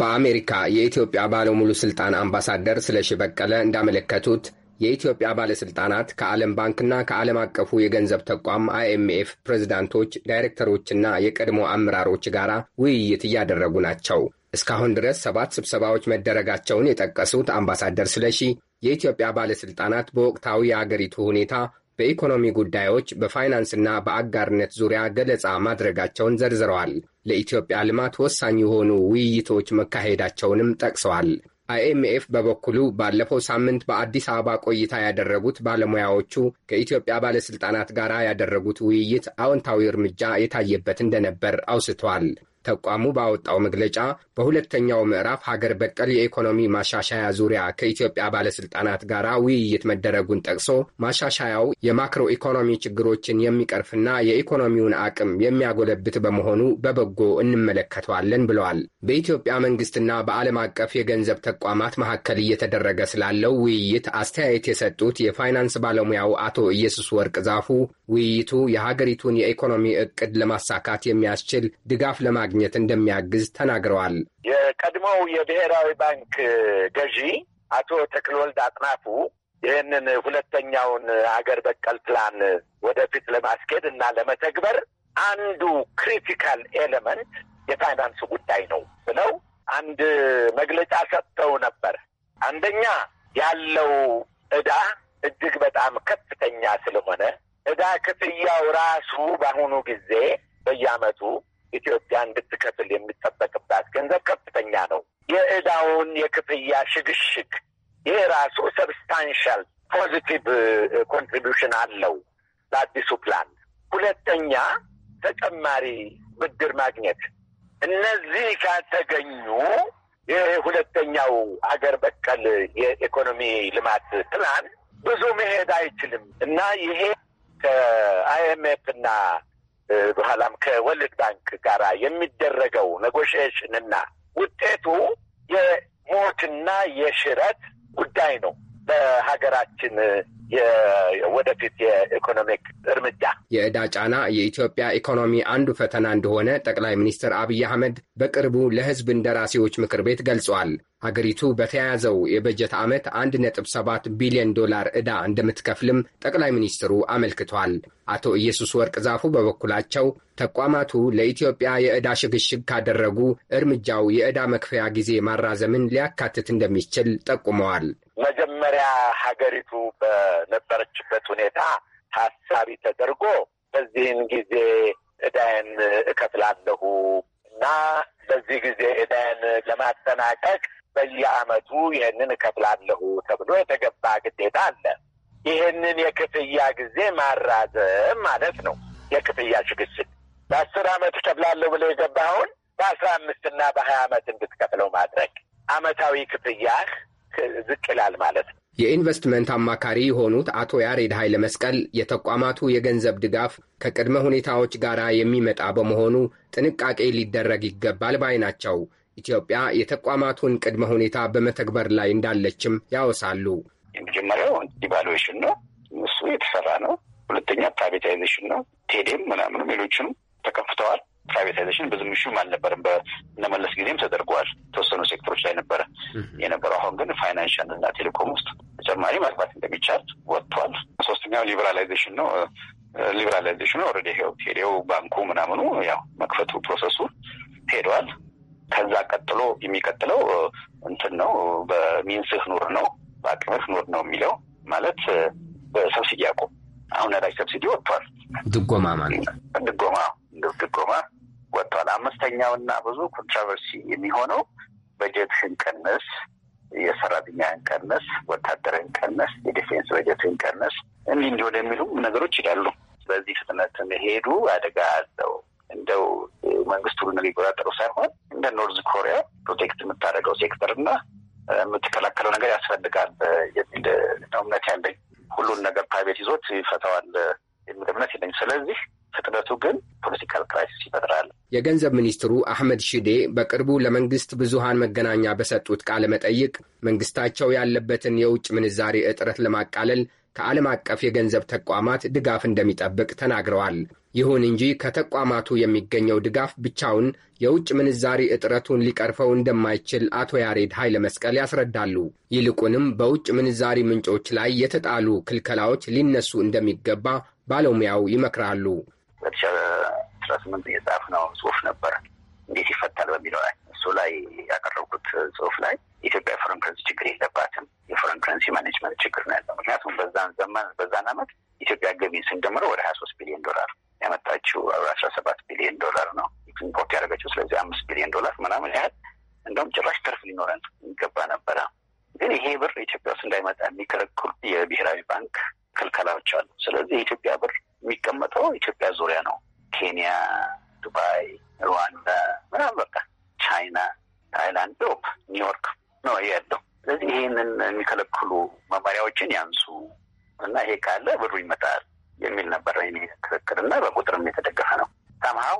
በአሜሪካ የኢትዮጵያ ባለሙሉ ስልጣን አምባሳደር ስለሺ በቀለ እንዳመለከቱት የኢትዮጵያ ባለሥልጣናት ከዓለም ባንክና ከዓለም አቀፉ የገንዘብ ተቋም አይኤምኤፍ ፕሬዝዳንቶች፣ ዳይሬክተሮችና የቀድሞ አመራሮች ጋር ውይይት እያደረጉ ናቸው። እስካሁን ድረስ ሰባት ስብሰባዎች መደረጋቸውን የጠቀሱት አምባሳደር ስለሺ የኢትዮጵያ ባለሥልጣናት በወቅታዊ የአገሪቱ ሁኔታ፣ በኢኮኖሚ ጉዳዮች፣ በፋይናንስና በአጋርነት ዙሪያ ገለጻ ማድረጋቸውን ዘርዝረዋል። ለኢትዮጵያ ልማት ወሳኝ የሆኑ ውይይቶች መካሄዳቸውንም ጠቅሰዋል። አይኤምኤፍ በበኩሉ ባለፈው ሳምንት በአዲስ አበባ ቆይታ ያደረጉት ባለሙያዎቹ ከኢትዮጵያ ባለስልጣናት ጋር ያደረጉት ውይይት አዎንታዊ እርምጃ የታየበት እንደነበር አውስቷል። ተቋሙ ባወጣው መግለጫ በሁለተኛው ምዕራፍ ሀገር በቀል የኢኮኖሚ ማሻሻያ ዙሪያ ከኢትዮጵያ ባለስልጣናት ጋር ውይይት መደረጉን ጠቅሶ ማሻሻያው የማክሮ ኢኮኖሚ ችግሮችን የሚቀርፍና የኢኮኖሚውን አቅም የሚያጎለብት በመሆኑ በበጎ እንመለከተዋለን ብለዋል። በኢትዮጵያ መንግስትና በዓለም አቀፍ የገንዘብ ተቋማት መካከል እየተደረገ ስላለው ውይይት አስተያየት የሰጡት የፋይናንስ ባለሙያው አቶ ኢየሱስ ወርቅ ዛፉ ውይይቱ የሀገሪቱን የኢኮኖሚ እቅድ ለማሳካት የሚያስችል ድጋፍ ለማግኘት እንደሚያግዝ ተናግረዋል። የቀድሞው የብሔራዊ ባንክ ገዢ አቶ ተክልወልድ አጥናፉ ይህንን ሁለተኛውን ሀገር በቀል ፕላን ወደፊት ለማስኬድ እና ለመተግበር አንዱ ክሪቲካል ኤሌመንት የፋይናንስ ጉዳይ ነው ብለው አንድ መግለጫ ሰጥተው ነበር። አንደኛ ያለው ዕዳ እጅግ በጣም ከፍተኛ ስለሆነ እዳ ክፍያው ራሱ በአሁኑ ጊዜ በየአመቱ ኢትዮጵያ እንድትከፍል የሚጠበቅባት ገንዘብ ከፍተኛ ነው። የእዳውን የክፍያ ሽግሽግ ይህ ራሱ ሰብስታንሻል ፖዚቲቭ ኮንትሪቢሽን አለው ለአዲሱ ፕላን። ሁለተኛ ተጨማሪ ብድር ማግኘት፣ እነዚህ ካልተገኙ ይህ ሁለተኛው ሀገር በቀል የኢኮኖሚ ልማት ፕላን ብዙ መሄድ አይችልም እና ይሄ ከአይኤምኤፍ እና በኋላም ከወልድ ባንክ ጋር የሚደረገው ኔጎሽዬሽን እና ውጤቱ የሞትና የሽረት ጉዳይ ነው በሀገራችን ወደፊት የኢኮኖሚክ እርምጃ። የዕዳ ጫና የኢትዮጵያ ኢኮኖሚ አንዱ ፈተና እንደሆነ ጠቅላይ ሚኒስትር አብይ አህመድ በቅርቡ ለህዝብ እንደራሴዎች ምክር ቤት ገልጿል። ሀገሪቱ በተያያዘው የበጀት ዓመት 1.7 ቢሊዮን ዶላር ዕዳ እንደምትከፍልም ጠቅላይ ሚኒስትሩ አመልክቷል። አቶ ኢየሱስ ወርቅ ዛፉ በበኩላቸው ተቋማቱ ለኢትዮጵያ የዕዳ ሽግሽግ ካደረጉ እርምጃው የዕዳ መክፈያ ጊዜ ማራዘምን ሊያካትት እንደሚችል ጠቁመዋል። መጀመሪያ ሀገሪቱ በነበረችበት ሁኔታ ታሳቢ ተደርጎ በዚህን ጊዜ እዳይን እከፍላለሁ እና በዚህ ጊዜ እዳይን ለማጠናቀቅ በየዓመቱ ይህንን እከፍላለሁ ተብሎ የተገባ ግዴታ አለ። ይህንን የክፍያ ጊዜ ማራዘም ማለት ነው። የክፍያ ሽግሽግ በአስር ዓመት እከፍላለሁ ብሎ የገባኸውን በአስራ አምስትና በሀያ ዓመት እንድትከፍለው ማድረግ አመታዊ ክፍያህ ዝቅ ይላል ማለት ነው። የኢንቨስትመንት አማካሪ የሆኑት አቶ ያሬድ ኃይለ መስቀል የተቋማቱ የገንዘብ ድጋፍ ከቅድመ ሁኔታዎች ጋር የሚመጣ በመሆኑ ጥንቃቄ ሊደረግ ይገባል ባይ ናቸው። ኢትዮጵያ የተቋማቱን ቅድመ ሁኔታ በመተግበር ላይ እንዳለችም ያወሳሉ። የመጀመሪያው ኢቫሉዌሽን ነው፣ እሱ የተሰራ ነው። ሁለተኛ ፕራይቬታይዜሽን ነው። ቴዴም ምናምኑ ሌሎችም ተከፍተዋል። ፕራይቬታይዜሽን ብዙም ሹም አልነበረም። በነመለስ ጊዜም ተደርጓል። ተወሰኑ ሴክተሮች ላይ ነበረ የነበረው። አሁን ግን ፋይናንሻል እና ቴሌኮም ውስጥ ተጨማሪ ማግባት እንደሚቻል ወጥቷል። ሶስተኛው ሊበራላይዜሽን ነው። ሊበራላይዜሽኑ ኦልሬዲ ሄው ሄዴው ባንኩ ምናምኑ ያው መክፈቱ ፕሮሰሱ ሄደዋል። ከዛ ቀጥሎ የሚቀጥለው እንትን ነው በሚንስህ ኑር ነው በአቅምህ ኑር ነው የሚለው ማለት በሰብሲዲ ያቁም አሁን ነዳጅ ሰብሲዲ ወጥቷል። ድጎማ ማለት ድጎማ ድጎማ ወጥቷል። አምስተኛው እና ብዙ ኮንትራቨርሲ የሚሆነው በጀት ቀንስ፣ የሰራተኛ ቀንስ፣ ወታደር ቀንስ፣ የዲፌንስ በጀት ቀንስ፣ እንዲህ እንዲህ የሚሉ ነገሮች ይላሉ። በዚህ ፍጥነት መሄዱ አደጋ አለው። እንደው መንግስት ሁሉን ሊቆጣጠሩ ሳይሆን እንደ ኖርዝ ኮሪያ ፕሮቴክት የምታደርገው ሴክተር እና የምትከላከለው ነገር ያስፈልጋል የሚል እምነት ያለኝ። ሁሉን ነገር ፕራይቬት ይዞት ይፈታዋል የሚል እምነት የለኝ። ስለዚህ ፍጥነቱ ግን ፖለቲካል ክራይሲስ ይፈጥራል። የገንዘብ ሚኒስትሩ አህመድ ሺዴ በቅርቡ ለመንግስት ብዙሃን መገናኛ በሰጡት ቃለ መጠይቅ መንግስታቸው ያለበትን የውጭ ምንዛሬ እጥረት ለማቃለል ከዓለም አቀፍ የገንዘብ ተቋማት ድጋፍ እንደሚጠብቅ ተናግረዋል። ይሁን እንጂ ከተቋማቱ የሚገኘው ድጋፍ ብቻውን የውጭ ምንዛሪ እጥረቱን ሊቀርፈው እንደማይችል አቶ ያሬድ ኃይለ መስቀል ያስረዳሉ። ይልቁንም በውጭ ምንዛሪ ምንጮች ላይ የተጣሉ ክልከላዎች ሊነሱ እንደሚገባ ባለሙያው ይመክራሉ። ሁለት ሺህ አስራ ስምንት የጻፍ ነው ጽሁፍ ነበር እንዴት ይፈታል በሚለው ላይ እሱ ላይ ያቀረብኩት ጽሁፍ ላይ ኢትዮጵያ የፎረን ከረንሲ ችግር የለባትም፣ የፎረን ከረንሲ ማኔጅመንት ችግር ነው ያለው። ምክንያቱም በዛን ዘመን በዛን አመት ኢትዮጵያ ገቢን ስንደምረው ወደ ሀያ ሶስት ቢሊዮን ዶላር ያመጣችው አስራ ሰባት ቢሊዮን ዶላር ነው ኢምፖርት ያደረገችው። ስለዚህ አምስት ቢሊዮን ዶላር ምናምን ያህል እንደውም ጭራሽ ትርፍ ሊኖረን ይገባ ነበረ። ግን ይሄ ብር ኢትዮጵያ ውስጥ እንዳይመጣ የሚከለክሉ የብሔራዊ ባንክ ክልከላዎች አሉ። ስለዚህ የኢትዮጵያ ብር የሚቀመጠው ኢትዮጵያ ዙሪያ ነው። ኬንያ፣ ዱባይ፣ ሩዋንዳ ምናምን በቃ ቻይና፣ ታይላንድ፣ ዶፕ ኒውዮርክ ነው ያለው። ስለዚህ ይህንን የሚከለክሉ መመሪያዎችን ያንሱ እና ይሄ ካለ ብሩ ይመጣል የሚል ነበር ክርክር እና በቁጥርም የተደገፈ ነው። ሰምሀው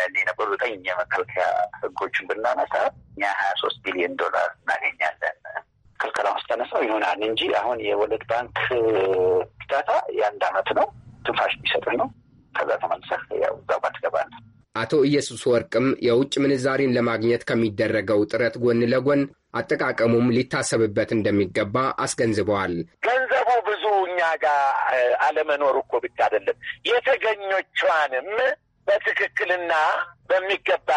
ያኔ የነበሩ ዘጠኝ የመከልከያ ህጎችን ብናነሳ እኛ ሀያ ሶስት ቢሊዮን ዶላር እናገኛለን። ክልከላ ውስጥ ተነሳው ይሆናል እንጂ አሁን የወለድ ባንክ ዳታ የአንድ አመት ነው። ትንፋሽ ቢሰጥህ ነው። ከዛ ተመልሰህ ያው እዛው ጋር ትገባለህ። አቶ ኢየሱስ ወርቅም የውጭ ምንዛሪን ለማግኘት ከሚደረገው ጥረት ጎን ለጎን አጠቃቀሙም ሊታሰብበት እንደሚገባ አስገንዝበዋል። ገንዘቡ ብዙ እኛ ጋር አለመኖር እኮ ብቻ አይደለም የተገኞቿንም በትክክልና በሚገባ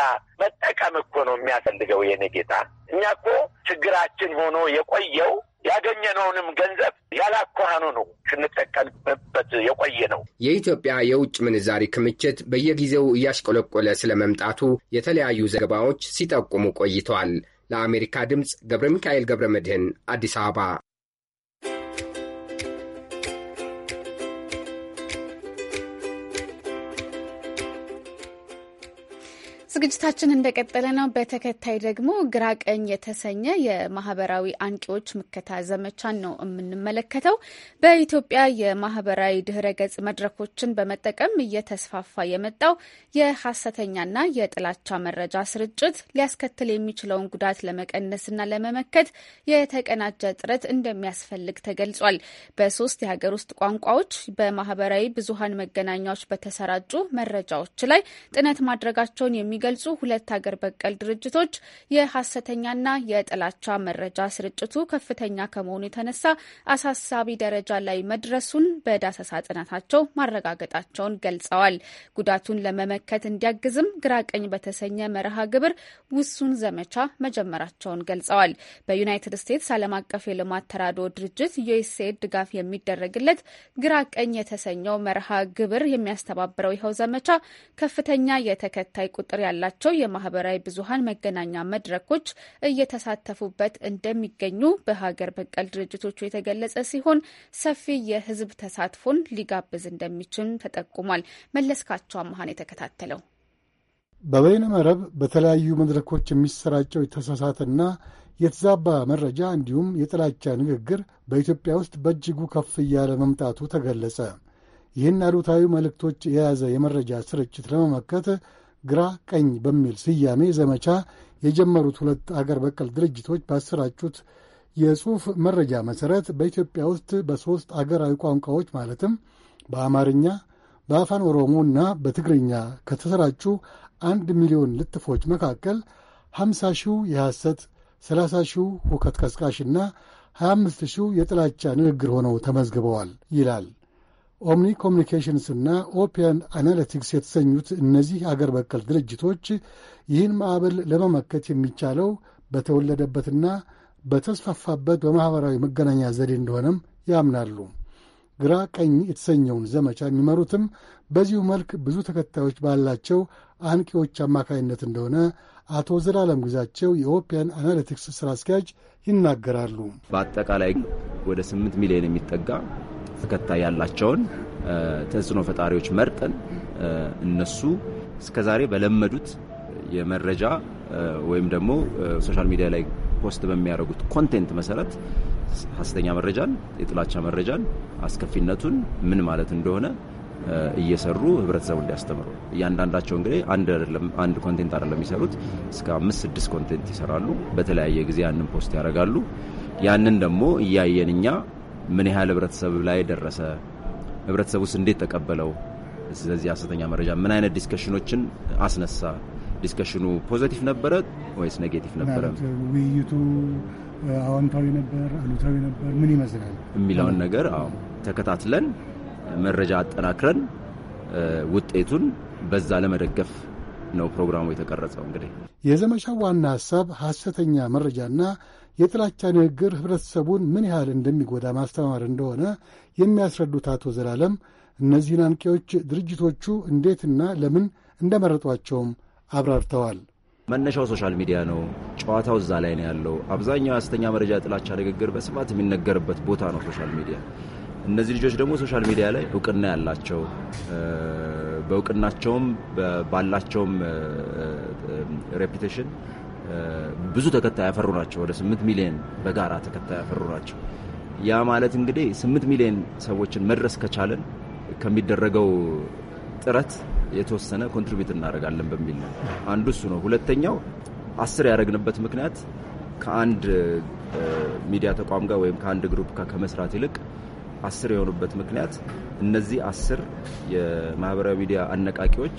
መጠቀም እኮ ነው የሚያስፈልገው። የኔ ጌታ እኛ እኮ ችግራችን ሆኖ የቆየው ያገኘነውንም ገንዘብ ያላኳኑ ነው ስንጠቀምበት የቆየ ነው። የኢትዮጵያ የውጭ ምንዛሪ ክምችት በየጊዜው እያሽቆለቆለ ስለመምጣቱ የተለያዩ ዘገባዎች ሲጠቁሙ ቆይተዋል። ለአሜሪካ ድምፅ ገብረ ሚካኤል ገብረ መድህን አዲስ አበባ ዝግጅታችን እንደቀጠለ ነው። በተከታይ ደግሞ ግራ ቀኝ የተሰኘ የማህበራዊ አንቂዎች ምከታ ዘመቻን ነው የምንመለከተው። በኢትዮጵያ የማህበራዊ ድህረ ገጽ መድረኮችን በመጠቀም እየተስፋፋ የመጣው የሀሰተኛና የጥላቻ መረጃ ስርጭት ሊያስከትል የሚችለውን ጉዳት ለመቀነስና ለመመከት የተቀናጀ ጥረት እንደሚያስፈልግ ተገልጿል። በሶስት የሀገር ውስጥ ቋንቋዎች በማህበራዊ ብዙሀን መገናኛዎች በተሰራጩ መረጃዎች ላይ ጥነት ማድረጋቸውን የሚ የሚገልጹ ሁለት ሀገር በቀል ድርጅቶች የሐሰተኛና የጥላቻ መረጃ ስርጭቱ ከፍተኛ ከመሆኑ የተነሳ አሳሳቢ ደረጃ ላይ መድረሱን በዳሰሳ ጥናታቸው ማረጋገጣቸውን ገልጸዋል። ጉዳቱን ለመመከት እንዲያግዝም ግራቀኝ በተሰኘ መርሃ ግብር ውሱን ዘመቻ መጀመራቸውን ገልጸዋል። በዩናይትድ ስቴትስ ዓለም አቀፍ የልማት ተራድኦ ድርጅት ዩኤስኤድ ድጋፍ የሚደረግለት ግራቀኝ የተሰኘው መርሃ ግብር የሚያስተባብረው ይኸው ዘመቻ ከፍተኛ የተከታይ ቁጥር ያላቸው የማህበራዊ ብዙሀን መገናኛ መድረኮች እየተሳተፉበት እንደሚገኙ በሀገር በቀል ድርጅቶቹ የተገለጸ ሲሆን ሰፊ የህዝብ ተሳትፎን ሊጋብዝ እንደሚችል ተጠቁሟል። መለስካቸው አመሀን የተከታተለው በበይነ መረብ በተለያዩ መድረኮች የሚሰራጨው የተሳሳተና የተዛባ መረጃ እንዲሁም የጥላቻ ንግግር በኢትዮጵያ ውስጥ በእጅጉ ከፍ እያለ መምጣቱ ተገለጸ። ይህን አሉታዊ መልእክቶች የያዘ የመረጃ ስርጭት ለመመከት ግራ ቀኝ በሚል ስያሜ ዘመቻ የጀመሩት ሁለት አገር በቀል ድርጅቶች ባሰራጩት የጽሑፍ መረጃ መሠረት በኢትዮጵያ ውስጥ በሦስት አገራዊ ቋንቋዎች ማለትም በአማርኛ፣ በአፋን ኦሮሞ እና በትግርኛ ከተሰራጩ አንድ ሚሊዮን ልጥፎች መካከል ሀምሳ ሺው የሐሰት፣ ሰላሳ ሺው ሁከት ቀስቃሽና ሀያ አምስት ሺው የጥላቻ ንግግር ሆነው ተመዝግበዋል ይላል ኦምኒ እና ኦፒያን አናሊቲክስ የተሰኙት እነዚህ አገር በቀል ድርጅቶች ይህን ማዕበል ለመመከት የሚቻለው በተወለደበትና በተስፋፋበት በማኅበራዊ መገናኛ ዘዴ እንደሆነም ያምናሉ። ግራ ቀኝ የተሰኘውን ዘመቻ የሚመሩትም በዚሁ መልክ ብዙ ተከታዮች ባላቸው አንቂዎች አማካይነት እንደሆነ አቶ ዘላለም ግዛቸው የኦፒያን አናሊቲክስ ሥራ አስኪያጅ ይናገራሉ። በአጠቃላይ ወደ ስምንት ሚሊዮን የሚጠጋ ተከታይ ያላቸውን ተጽዕኖ ፈጣሪዎች መርጠን እነሱ እስከዛሬ በለመዱት የመረጃ ወይም ደግሞ ሶሻል ሚዲያ ላይ ፖስት በሚያደርጉት ኮንቴንት መሰረት ሀሰተኛ መረጃን፣ የጥላቻ መረጃን፣ አስከፊነቱን ምን ማለት እንደሆነ እየሰሩ ህብረተሰቡ እንዲያስተምሩ እያንዳንዳቸው እንግዲህ አንድ ኮንቴንት አይደለም የሚሰሩት እስከ አምስት ስድስት ኮንቴንት ይሰራሉ። በተለያየ ጊዜ ያንን ፖስት ያደርጋሉ። ያንን ደግሞ እያየን እኛ ምን ያህል ህብረተሰብ ላይ ደረሰ፣ ህብረተሰቡስ እንዴት ተቀበለው፣ ስለዚህ ሀሰተኛ መረጃ ምን አይነት ዲስከሽኖችን አስነሳ፣ ዲስከሽኑ ፖዘቲቭ ነበረ ወይስ ኔጌቲቭ ነበረ፣ ውይይቱ አዎንታዊ ነበር አሉታዊ ነበር ምን ይመስላል የሚለውን ነገር ተከታትለን መረጃ አጠናክረን ውጤቱን በዛ ለመደገፍ ነው ፕሮግራሙ የተቀረጸው። እንግዲህ የዘመቻው ዋና ሀሳብ ሀሰተኛ መረጃና የጥላቻ ንግግር ህብረተሰቡን ምን ያህል እንደሚጎዳ ማስተማር እንደሆነ የሚያስረዱት አቶ ዘላለም እነዚህን አንቂዎች ድርጅቶቹ እንዴትና ለምን እንደመረጧቸውም አብራርተዋል። መነሻው ሶሻል ሚዲያ ነው። ጨዋታው እዛ ላይ ነው ያለው። አብዛኛው ሐሰተኛ መረጃ፣ ጥላቻ ንግግር በስፋት የሚነገርበት ቦታ ነው ሶሻል ሚዲያ። እነዚህ ልጆች ደግሞ ሶሻል ሚዲያ ላይ እውቅና ያላቸው በእውቅናቸውም ባላቸውም ሬፒቴሽን ብዙ ተከታይ ያፈሩ ናቸው። ወደ ስምንት ሚሊዮን በጋራ ተከታይ ያፈሩ ናቸው። ያ ማለት እንግዲህ ስምንት ሚሊዮን ሰዎችን መድረስ ከቻለን ከሚደረገው ጥረት የተወሰነ ኮንትሪቢዩት እናደርጋለን በሚል ነው። አንዱ እሱ ነው። ሁለተኛው አስር ያደረግንበት ምክንያት ከአንድ ሚዲያ ተቋም ጋር ወይም ከአንድ ግሩፕ ጋር ከመስራት ይልቅ አስር የሆኑበት ምክንያት እነዚህ አስር የማህበራዊ ሚዲያ አነቃቂዎች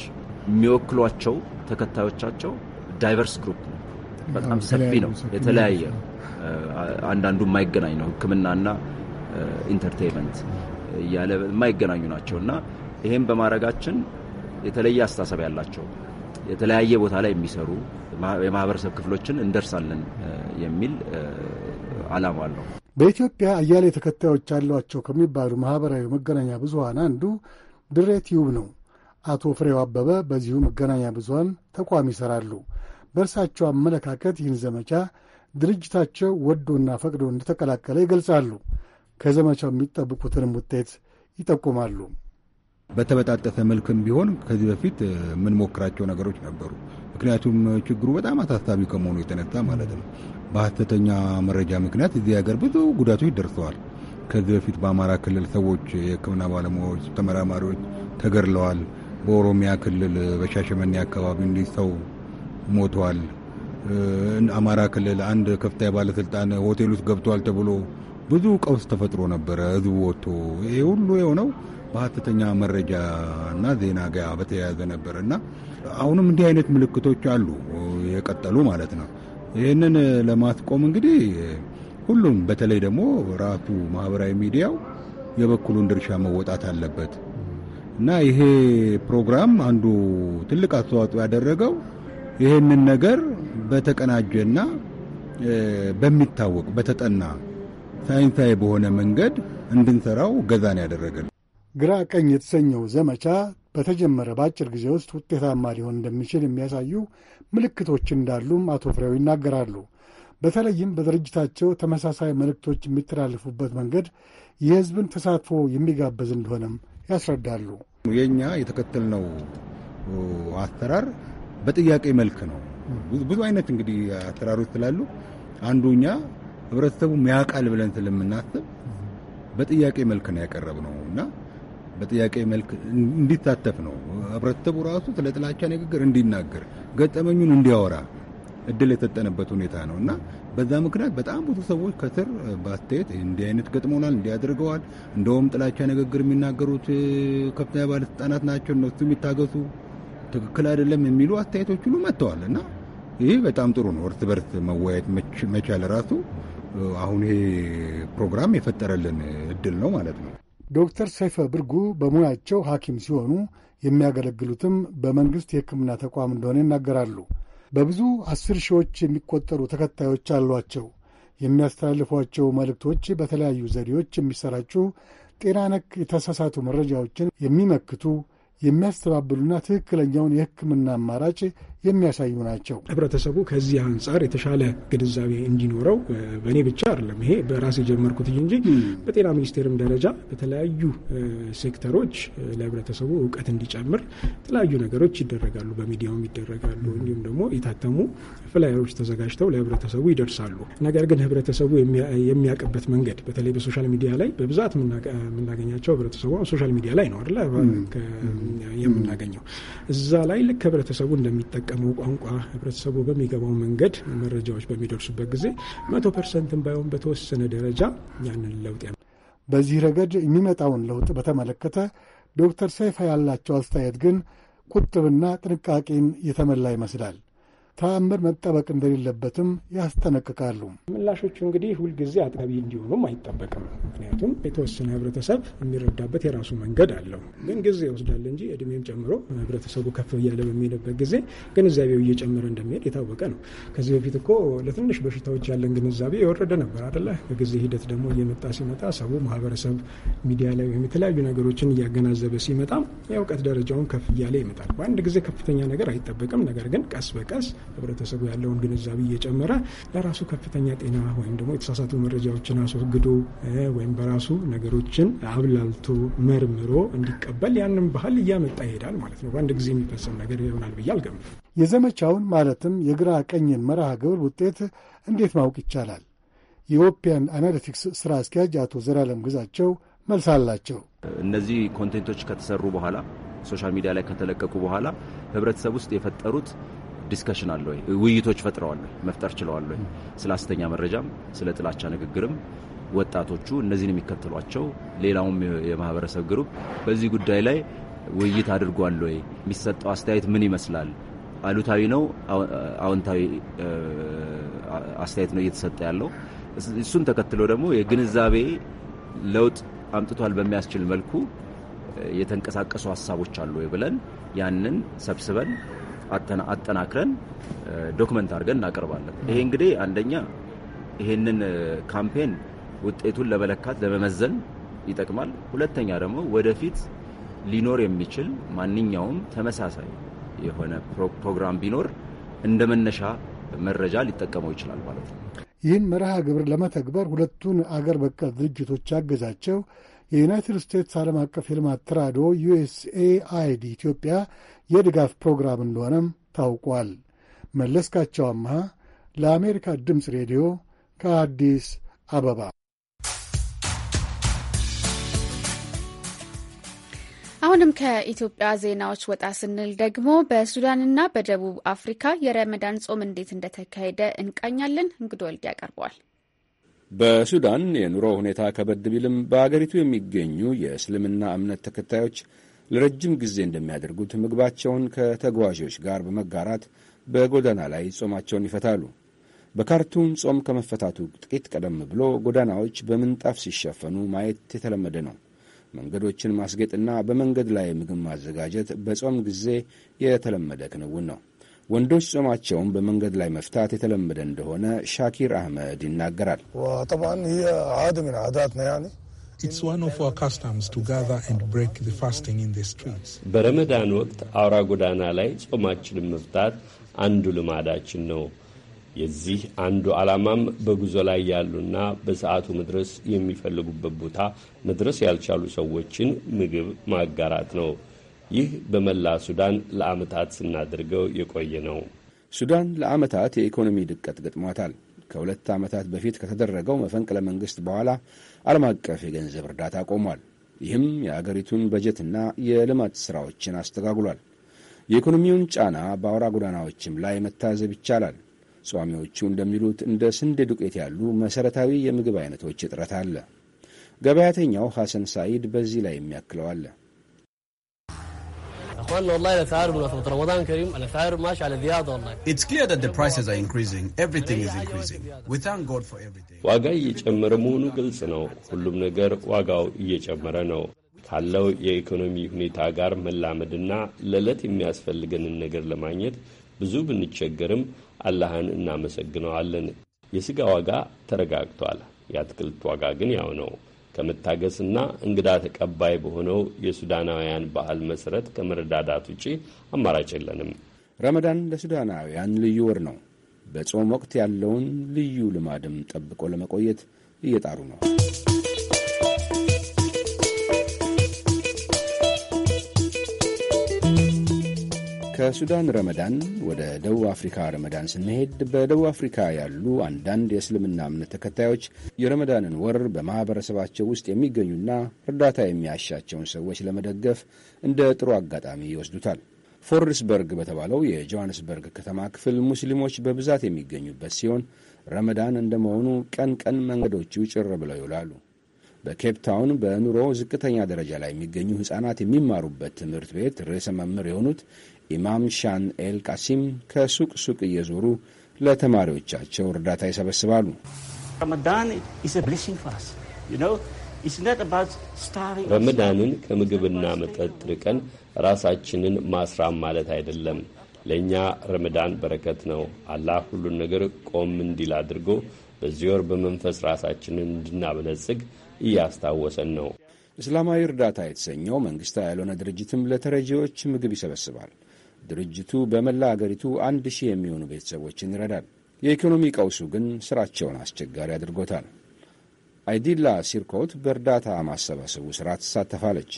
የሚወክሏቸው ተከታዮቻቸው ዳይቨርስ ግሩፕ ነው። በጣም ሰፊ ነው፣ የተለያየ አንዳንዱ የማይገናኝ ነው። ህክምናና ኢንተርቴንመንት እያለ የማይገናኙ ናቸው እና ይህም በማድረጋችን የተለየ አስተሳሰብ ያላቸው የተለያየ ቦታ ላይ የሚሰሩ የማህበረሰብ ክፍሎችን እንደርሳለን የሚል አላማ አለው። በኢትዮጵያ አያሌ ተከታዮች አሏቸው ከሚባሉ ማህበራዊ መገናኛ ብዙሀን አንዱ ድሬ ቲዩብ ነው። አቶ ፍሬው አበበ በዚሁ መገናኛ ብዙሀን ተቋም ይሰራሉ። በእርሳቸው አመለካከት ይህን ዘመቻ ድርጅታቸው ወዶና ፈቅዶ እንደተቀላቀለ ይገልጻሉ። ከዘመቻው የሚጠብቁትንም ውጤት ይጠቁማሉ። በተበጣጠሰ መልክም ቢሆን ከዚህ በፊት የምንሞክራቸው ነገሮች ነበሩ። ምክንያቱም ችግሩ በጣም አሳሳቢ ከመሆኑ የተነሳ ማለት ነው። በሀተተኛ መረጃ ምክንያት እዚህ ሀገር ብዙ ጉዳቶች ደርሰዋል። ከዚህ በፊት በአማራ ክልል ሰዎች፣ የሕክምና ባለሙያዎች፣ ተመራማሪዎች ተገድለዋል። በኦሮሚያ ክልል በሻሸመኔ አካባቢ እንዲህ ሰው ሞተዋል። አማራ ክልል አንድ ከፍተኛ ባለስልጣን ሆቴል ውስጥ ገብቷል ተብሎ ብዙ ቀውስ ተፈጥሮ ነበረ። ህዝቡ ወጥቶ ይሄ ሁሉ የሆነው በሀተተኛ መረጃ እና ዜና ጋ በተያያዘ ነበር እና አሁንም እንዲህ አይነት ምልክቶች አሉ የቀጠሉ ማለት ነው። ይህንን ለማስቆም እንግዲህ ሁሉም በተለይ ደግሞ ራሱ ማህበራዊ ሚዲያው የበኩሉን ድርሻ መወጣት አለበት እና ይሄ ፕሮግራም አንዱ ትልቅ አስተዋጽኦ ያደረገው ይህንን ነገር በተቀናጀና በሚታወቅ በተጠና ሳይንሳዊ በሆነ መንገድ እንድንሰራው ገዛን ያደረገን ግራ ቀኝ የተሰኘው ዘመቻ በተጀመረ በአጭር ጊዜ ውስጥ ውጤታማ ሊሆን እንደሚችል የሚያሳዩ ምልክቶች እንዳሉም አቶ ፍሬው ይናገራሉ። በተለይም በድርጅታቸው ተመሳሳይ መልእክቶች የሚተላለፉበት መንገድ የሕዝብን ተሳትፎ የሚጋብዝ እንደሆነም ያስረዳሉ። የእኛ የተከተልነው አሰራር በጥያቄ መልክ ነው። ብዙ አይነት እንግዲህ አሰራሮች ስላሉ አንዱ እኛ ህብረተሰቡ ሚያቃል ብለን ስለምናስብ በጥያቄ መልክ ነው ያቀረብ ነው እና በጥያቄ መልክ እንዲሳተፍ ነው ህብረተሰቡ ራሱ ስለ ጥላቻ ንግግር እንዲናገር ገጠመኙን እንዲያወራ እድል የሰጠነበት ሁኔታ ነው እና በዛ ምክንያት በጣም ብዙ ሰዎች ከስር በአስተያየት እንዲህ አይነት ገጥሞናል፣ እንዲህ አድርገዋል፣ እንደውም ጥላቻ ንግግር የሚናገሩት ከፍተኛ ባለስልጣናት ናቸው፣ እነሱ የሚታገሱ ትክክል አይደለም የሚሉ አስተያየቶች ሁሉ መጥተዋል እና ይህ በጣም ጥሩ ነው። እርስ በርስ መወያየት መቻል ራሱ አሁን ይሄ ፕሮግራም የፈጠረልን እድል ነው ማለት ነው። ዶክተር ሰይፈ ብርጉ በሙያቸው ሐኪም ሲሆኑ የሚያገለግሉትም በመንግሥት የሕክምና ተቋም እንደሆነ ይናገራሉ። በብዙ አስር ሺዎች የሚቆጠሩ ተከታዮች አሏቸው። የሚያስተላልፏቸው መልእክቶች በተለያዩ ዘዴዎች የሚሰራጩ ጤና ነክ የተሳሳቱ መረጃዎችን የሚመክቱ የሚያስተባብሉና ትክክለኛውን የሕክምና አማራጭ የሚያሳዩ ናቸው። ህብረተሰቡ ከዚህ አንጻር የተሻለ ግንዛቤ እንዲኖረው በእኔ ብቻ አይደለም፣ ይሄ በራስ የጀመርኩት እንጂ በጤና ሚኒስቴርም ደረጃ በተለያዩ ሴክተሮች ለህብረተሰቡ እውቀት እንዲጨምር የተለያዩ ነገሮች ይደረጋሉ። በሚዲያውም ይደረጋሉ። እንዲሁም ደግሞ የታተሙ ፍላየሮች ተዘጋጅተው ለህብረተሰቡ ይደርሳሉ። ነገር ግን ህብረተሰቡ የሚያውቅበት መንገድ በተለይ በሶሻል ሚዲያ ላይ በብዛት የምናገኛቸው ህብረተሰቡ ሶሻል ሚዲያ ላይ ነው አይደለ የምናገኘው። እዛ ላይ ልክ ህብረተሰቡ እንደሚጠቀመው ቋንቋ ህብረተሰቡ በሚገባው መንገድ መረጃዎች በሚደርሱበት ጊዜ መቶ ፐርሰንትን ባይሆን በተወሰነ ደረጃ ያንን ለውጥ በዚህ ረገድ የሚመጣውን ለውጥ በተመለከተ ዶክተር ሰይፋ ያላቸው አስተያየት ግን ቁጥብና ጥንቃቄን የተመላ ይመስላል። ተአምር መጠበቅ እንደሌለበትም ያስጠነቅቃሉ። ምላሾቹ እንግዲህ ሁልጊዜ አጥጋቢ እንዲሆኑም አይጠበቅም። ምክንያቱም የተወሰነ ህብረተሰብ የሚረዳበት የራሱ መንገድ አለው። ግን ጊዜ ይወስዳል እንጂ እድሜም ጨምሮ ህብረተሰቡ ከፍ እያለ በሚሄድበት ጊዜ ግንዛቤው እየጨመረ እንደሚሄድ የታወቀ ነው። ከዚህ በፊት እኮ ለትንሽ በሽታዎች ያለን ግንዛቤ የወረደ ነበር አደለ? በጊዜ ሂደት ደግሞ እየመጣ ሲመጣ ሰው ማህበረሰብ ሚዲያ ላይ ወይም የተለያዩ ነገሮችን እያገናዘበ ሲመጣ የእውቀት ደረጃውን ከፍ እያለ ይመጣል። በአንድ ጊዜ ከፍተኛ ነገር አይጠበቅም። ነገር ግን ቀስ በቀስ ህብረተሰቡ ያለውን ግንዛቤ እየጨመረ ለራሱ ከፍተኛ ጤና ወይም ደግሞ የተሳሳቱ መረጃዎችን አስወግዶ ወይም በራሱ ነገሮችን አብላልቶ መርምሮ እንዲቀበል ያንን ባህል እያመጣ ይሄዳል ማለት ነው። በአንድ ጊዜ የሚፈጸም ነገር ይሆናል ብዬ አልገምትም። የዘመቻውን ማለትም የግራ ቀኝን መርሃ ግብር ውጤት እንዴት ማወቅ ይቻላል? የኢትዮጵያን አናሊቲክስ ስራ አስኪያጅ አቶ ዘላለም ግዛቸው መልስ አላቸው። እነዚህ ኮንቴንቶች ከተሰሩ በኋላ ሶሻል ሚዲያ ላይ ከተለቀቁ በኋላ ህብረተሰብ ውስጥ የፈጠሩት ዲስከሽን አለ ወይ? ውይይቶች ፈጥረዋል ወይ? መፍጠር ችለዋል ወይ? ስለ ሐሰተኛ መረጃም ስለ ጥላቻ ንግግርም ወጣቶቹ እነዚህን የሚከተሏቸው ሌላውም የማህበረሰብ ግሩፕ በዚህ ጉዳይ ላይ ውይይት አድርጓል ወይ? የሚሰጠው አስተያየት ምን ይመስላል? አሉታዊ ነው አዎንታዊ አስተያየት ነው እየተሰጠ ያለው? እሱን ተከትሎ ደግሞ የግንዛቤ ለውጥ አምጥቷል በሚያስችል መልኩ የተንቀሳቀሱ ሀሳቦች አሉ ወይ ብለን ያንን ሰብስበን አጠናክረን ዶክመንት አድርገን እናቀርባለን። ይሄ እንግዲህ አንደኛ ይሄንን ካምፔን ውጤቱን ለመለካት ለመመዘን ይጠቅማል። ሁለተኛ ደግሞ ወደፊት ሊኖር የሚችል ማንኛውም ተመሳሳይ የሆነ ፕሮግራም ቢኖር እንደ መነሻ መረጃ ሊጠቀመው ይችላል ማለት ነው። ይህን መርሃ ግብር ለመተግበር ሁለቱን አገር በቀል ድርጅቶች ያገዛቸው የዩናይትድ ስቴትስ ዓለም አቀፍ የልማት ተራድኦ ዩኤስኤአይዲ ኢትዮጵያ የድጋፍ ፕሮግራም እንደሆነም ታውቋል። መለስካቸው አምሃ ለአሜሪካ ድምፅ ሬዲዮ ከአዲስ አበባ አሁንም ከኢትዮጵያ ዜናዎች ወጣ ስንል ደግሞ በሱዳንና በደቡብ አፍሪካ የረመዳን ጾም እንዴት እንደተካሄደ እንቃኛለን። እንግዶ ወልድ ያቀርበዋል። በሱዳን የኑሮ ሁኔታ ከበድ ቢልም በአገሪቱ የሚገኙ የእስልምና እምነት ተከታዮች ለረጅም ጊዜ እንደሚያደርጉት ምግባቸውን ከተጓዦች ጋር በመጋራት በጎዳና ላይ ጾማቸውን ይፈታሉ። በካርቱም ጾም ከመፈታቱ ጥቂት ቀደም ብሎ ጎዳናዎች በምንጣፍ ሲሸፈኑ ማየት የተለመደ ነው። መንገዶችን ማስጌጥና በመንገድ ላይ ምግብ ማዘጋጀት በጾም ጊዜ የተለመደ ክንውን ነው። ወንዶች ጾማቸውን በመንገድ ላይ መፍታት የተለመደ እንደሆነ ሻኪር አህመድ ይናገራል። ጠብዓን ሂየ ዓደ ምን በረመዳን ወቅት አውራ ጎዳና ላይ ጾማችንን መፍታት አንዱ ልማዳችን ነው። የዚህ አንዱ ዓላማም በጉዞ ላይ ያሉና በሰዓቱ መድረስ የሚፈልጉበት ቦታ መድረስ ያልቻሉ ሰዎችን ምግብ ማጋራት ነው። ይህ በመላ ሱዳን ለዓመታት ስናደርገው የቆየ ነው። ሱዳን ለዓመታት የኢኮኖሚ ድቀት ገጥሟታል። ከሁለት ዓመታት በፊት ከተደረገው መፈንቅለ መንግሥት በኋላ ዓለም አቀፍ የገንዘብ እርዳታ ቆሟል። ይህም የአገሪቱን በጀትና የልማት ሥራዎችን አስተጋግሏል። የኢኮኖሚውን ጫና በአውራ ጎዳናዎችም ላይ መታዘብ ይቻላል። ጿሚዎቹ እንደሚሉት እንደ ስንዴ ዱቄት ያሉ መሠረታዊ የምግብ አይነቶች እጥረት አለ። ገበያተኛው ሐሰን ሳይድ በዚህ ላይ የሚያክለው አለ። It's clear that the prices are increasing. Everything is increasing. We thank God for everything. ዋጋ እየጨመረ መሆኑ ግልጽ ነው። ሁሉም ነገር ዋጋው እየጨመረ ነው። ካለው የኢኮኖሚ ሁኔታ ጋር መላመድና ለዕለት የሚያስፈልገንን ነገር ለማግኘት ብዙ ብንቸገርም አላህን እናመሰግነዋለን። የሥጋ ዋጋ ተረጋግቷል። የአትክልት ዋጋ ግን ያው ነው። ከመታገስና እንግዳ ተቀባይ በሆነው የሱዳናውያን ባህል መሰረት ከመረዳዳት ውጪ አማራጭ የለንም። ረመዳን ለሱዳናውያን ልዩ ወር ነው። በጾም ወቅት ያለውን ልዩ ልማድም ጠብቆ ለመቆየት እየጣሩ ነው። ከሱዳን ረመዳን ወደ ደቡብ አፍሪካ ረመዳን ስንሄድ በደቡብ አፍሪካ ያሉ አንዳንድ የእስልምና እምነት ተከታዮች የረመዳንን ወር በማኅበረሰባቸው ውስጥ የሚገኙና እርዳታ የሚያሻቸውን ሰዎች ለመደገፍ እንደ ጥሩ አጋጣሚ ይወስዱታል። ፎርድስበርግ በተባለው የጆሃንስበርግ ከተማ ክፍል ሙስሊሞች በብዛት የሚገኙበት ሲሆን ረመዳን እንደመሆኑ ቀን ቀን መንገዶቹ ጭር ብለው ይውላሉ። በኬፕ ታውን በኑሮ ዝቅተኛ ደረጃ ላይ የሚገኙ ሕፃናት የሚማሩበት ትምህርት ቤት ርዕሰ መምህር የሆኑት ኢማም ሻን ኤል ቃሲም ከሱቅ ሱቅ እየዞሩ ለተማሪዎቻቸው እርዳታ ይሰበስባሉ። ረመዳንን ከምግብና መጠጥ ርቀን ራሳችንን ማስራም ማለት አይደለም። ለእኛ ረመዳን በረከት ነው። አላህ ሁሉን ነገር ቆም እንዲል አድርጎ በዚህ ወር በመንፈስ ራሳችንን እንድናበለጽግ እያስታወሰን ነው። እስላማዊ እርዳታ የተሰኘው መንግስታዊ ያልሆነ ድርጅትም ለተረጂዎች ምግብ ይሰበስባል። ድርጅቱ በመላ አገሪቱ አንድ ሺህ የሚሆኑ ቤተሰቦችን ይረዳል። የኢኮኖሚ ቀውሱ ግን ስራቸውን አስቸጋሪ አድርጎታል። አይዲላ ሲርኮት በእርዳታ ማሰባሰቡ ስራ ትሳተፋለች።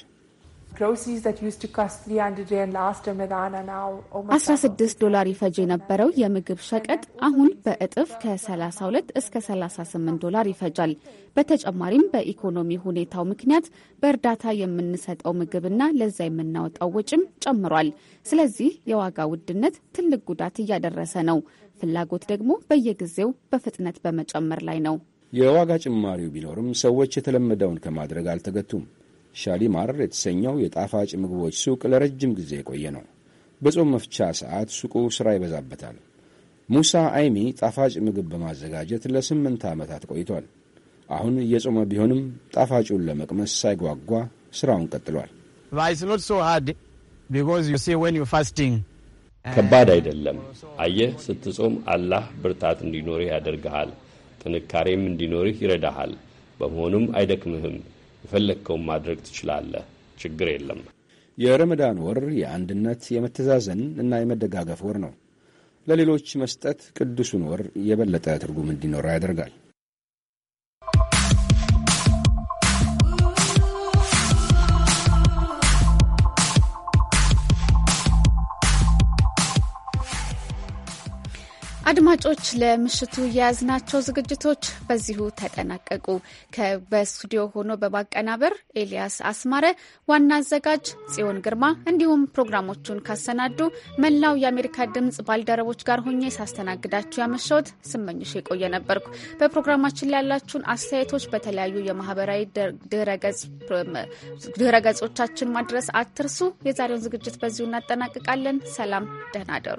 16 ዶላር ይፈጅ የነበረው የምግብ ሸቀጥ አሁን በእጥፍ ከ32 እስከ 38 ዶላር ይፈጃል። በተጨማሪም በኢኮኖሚ ሁኔታው ምክንያት በእርዳታ የምንሰጠው ምግብና ለዛ የምናወጣው ወጪም ጨምሯል። ስለዚህ የዋጋ ውድነት ትልቅ ጉዳት እያደረሰ ነው። ፍላጎት ደግሞ በየጊዜው በፍጥነት በመጨመር ላይ ነው። የዋጋ ጭማሪው ቢኖርም ሰዎች የተለመደውን ከማድረግ አልተገቱም። ሻሊማር የተሰኘው የጣፋጭ ምግቦች ሱቅ ለረጅም ጊዜ የቆየ ነው። በጾም መፍቻ ሰዓት ሱቁ ሥራ ይበዛበታል። ሙሳ አይሚ ጣፋጭ ምግብ በማዘጋጀት ለስምንት ዓመታት ቆይቷል። አሁን እየጾመ ቢሆንም ጣፋጩን ለመቅመስ ሳይጓጓ ሥራውን ቀጥሏል። uh, ከባድ አይደለም። አየህ፣ ስትጾም አላህ ብርታት እንዲኖርህ ያደርግሃል፣ ጥንካሬም እንዲኖርህ ይረዳሃል። በመሆኑም አይደክምህም። የፈለግከውን ማድረግ ትችላለህ። ችግር የለም። የረመዳን ወር የአንድነት የመተዛዘን እና የመደጋገፍ ወር ነው። ለሌሎች መስጠት ቅዱሱን ወር የበለጠ ትርጉም እንዲኖረው ያደርጋል። አድማጮች ለምሽቱ የያዝናቸው ዝግጅቶች በዚሁ ተጠናቀቁ። በስቱዲዮ ሆኖ በማቀናበር ኤልያስ አስማረ፣ ዋና አዘጋጅ ጽዮን ግርማ እንዲሁም ፕሮግራሞቹን ካሰናዱ መላው የአሜሪካ ድምፅ ባልደረቦች ጋር ሆኜ ሳስተናግዳችሁ ያመሸሁት ስመኝሽ የቆየ ነበርኩ። በፕሮግራማችን ላይ ያላችሁን አስተያየቶች በተለያዩ የማህበራዊ ድረ ገጾቻችን ማድረስ አትርሱ። የዛሬውን ዝግጅት በዚሁ እናጠናቅቃለን። ሰላም፣ ደህና ደሩ።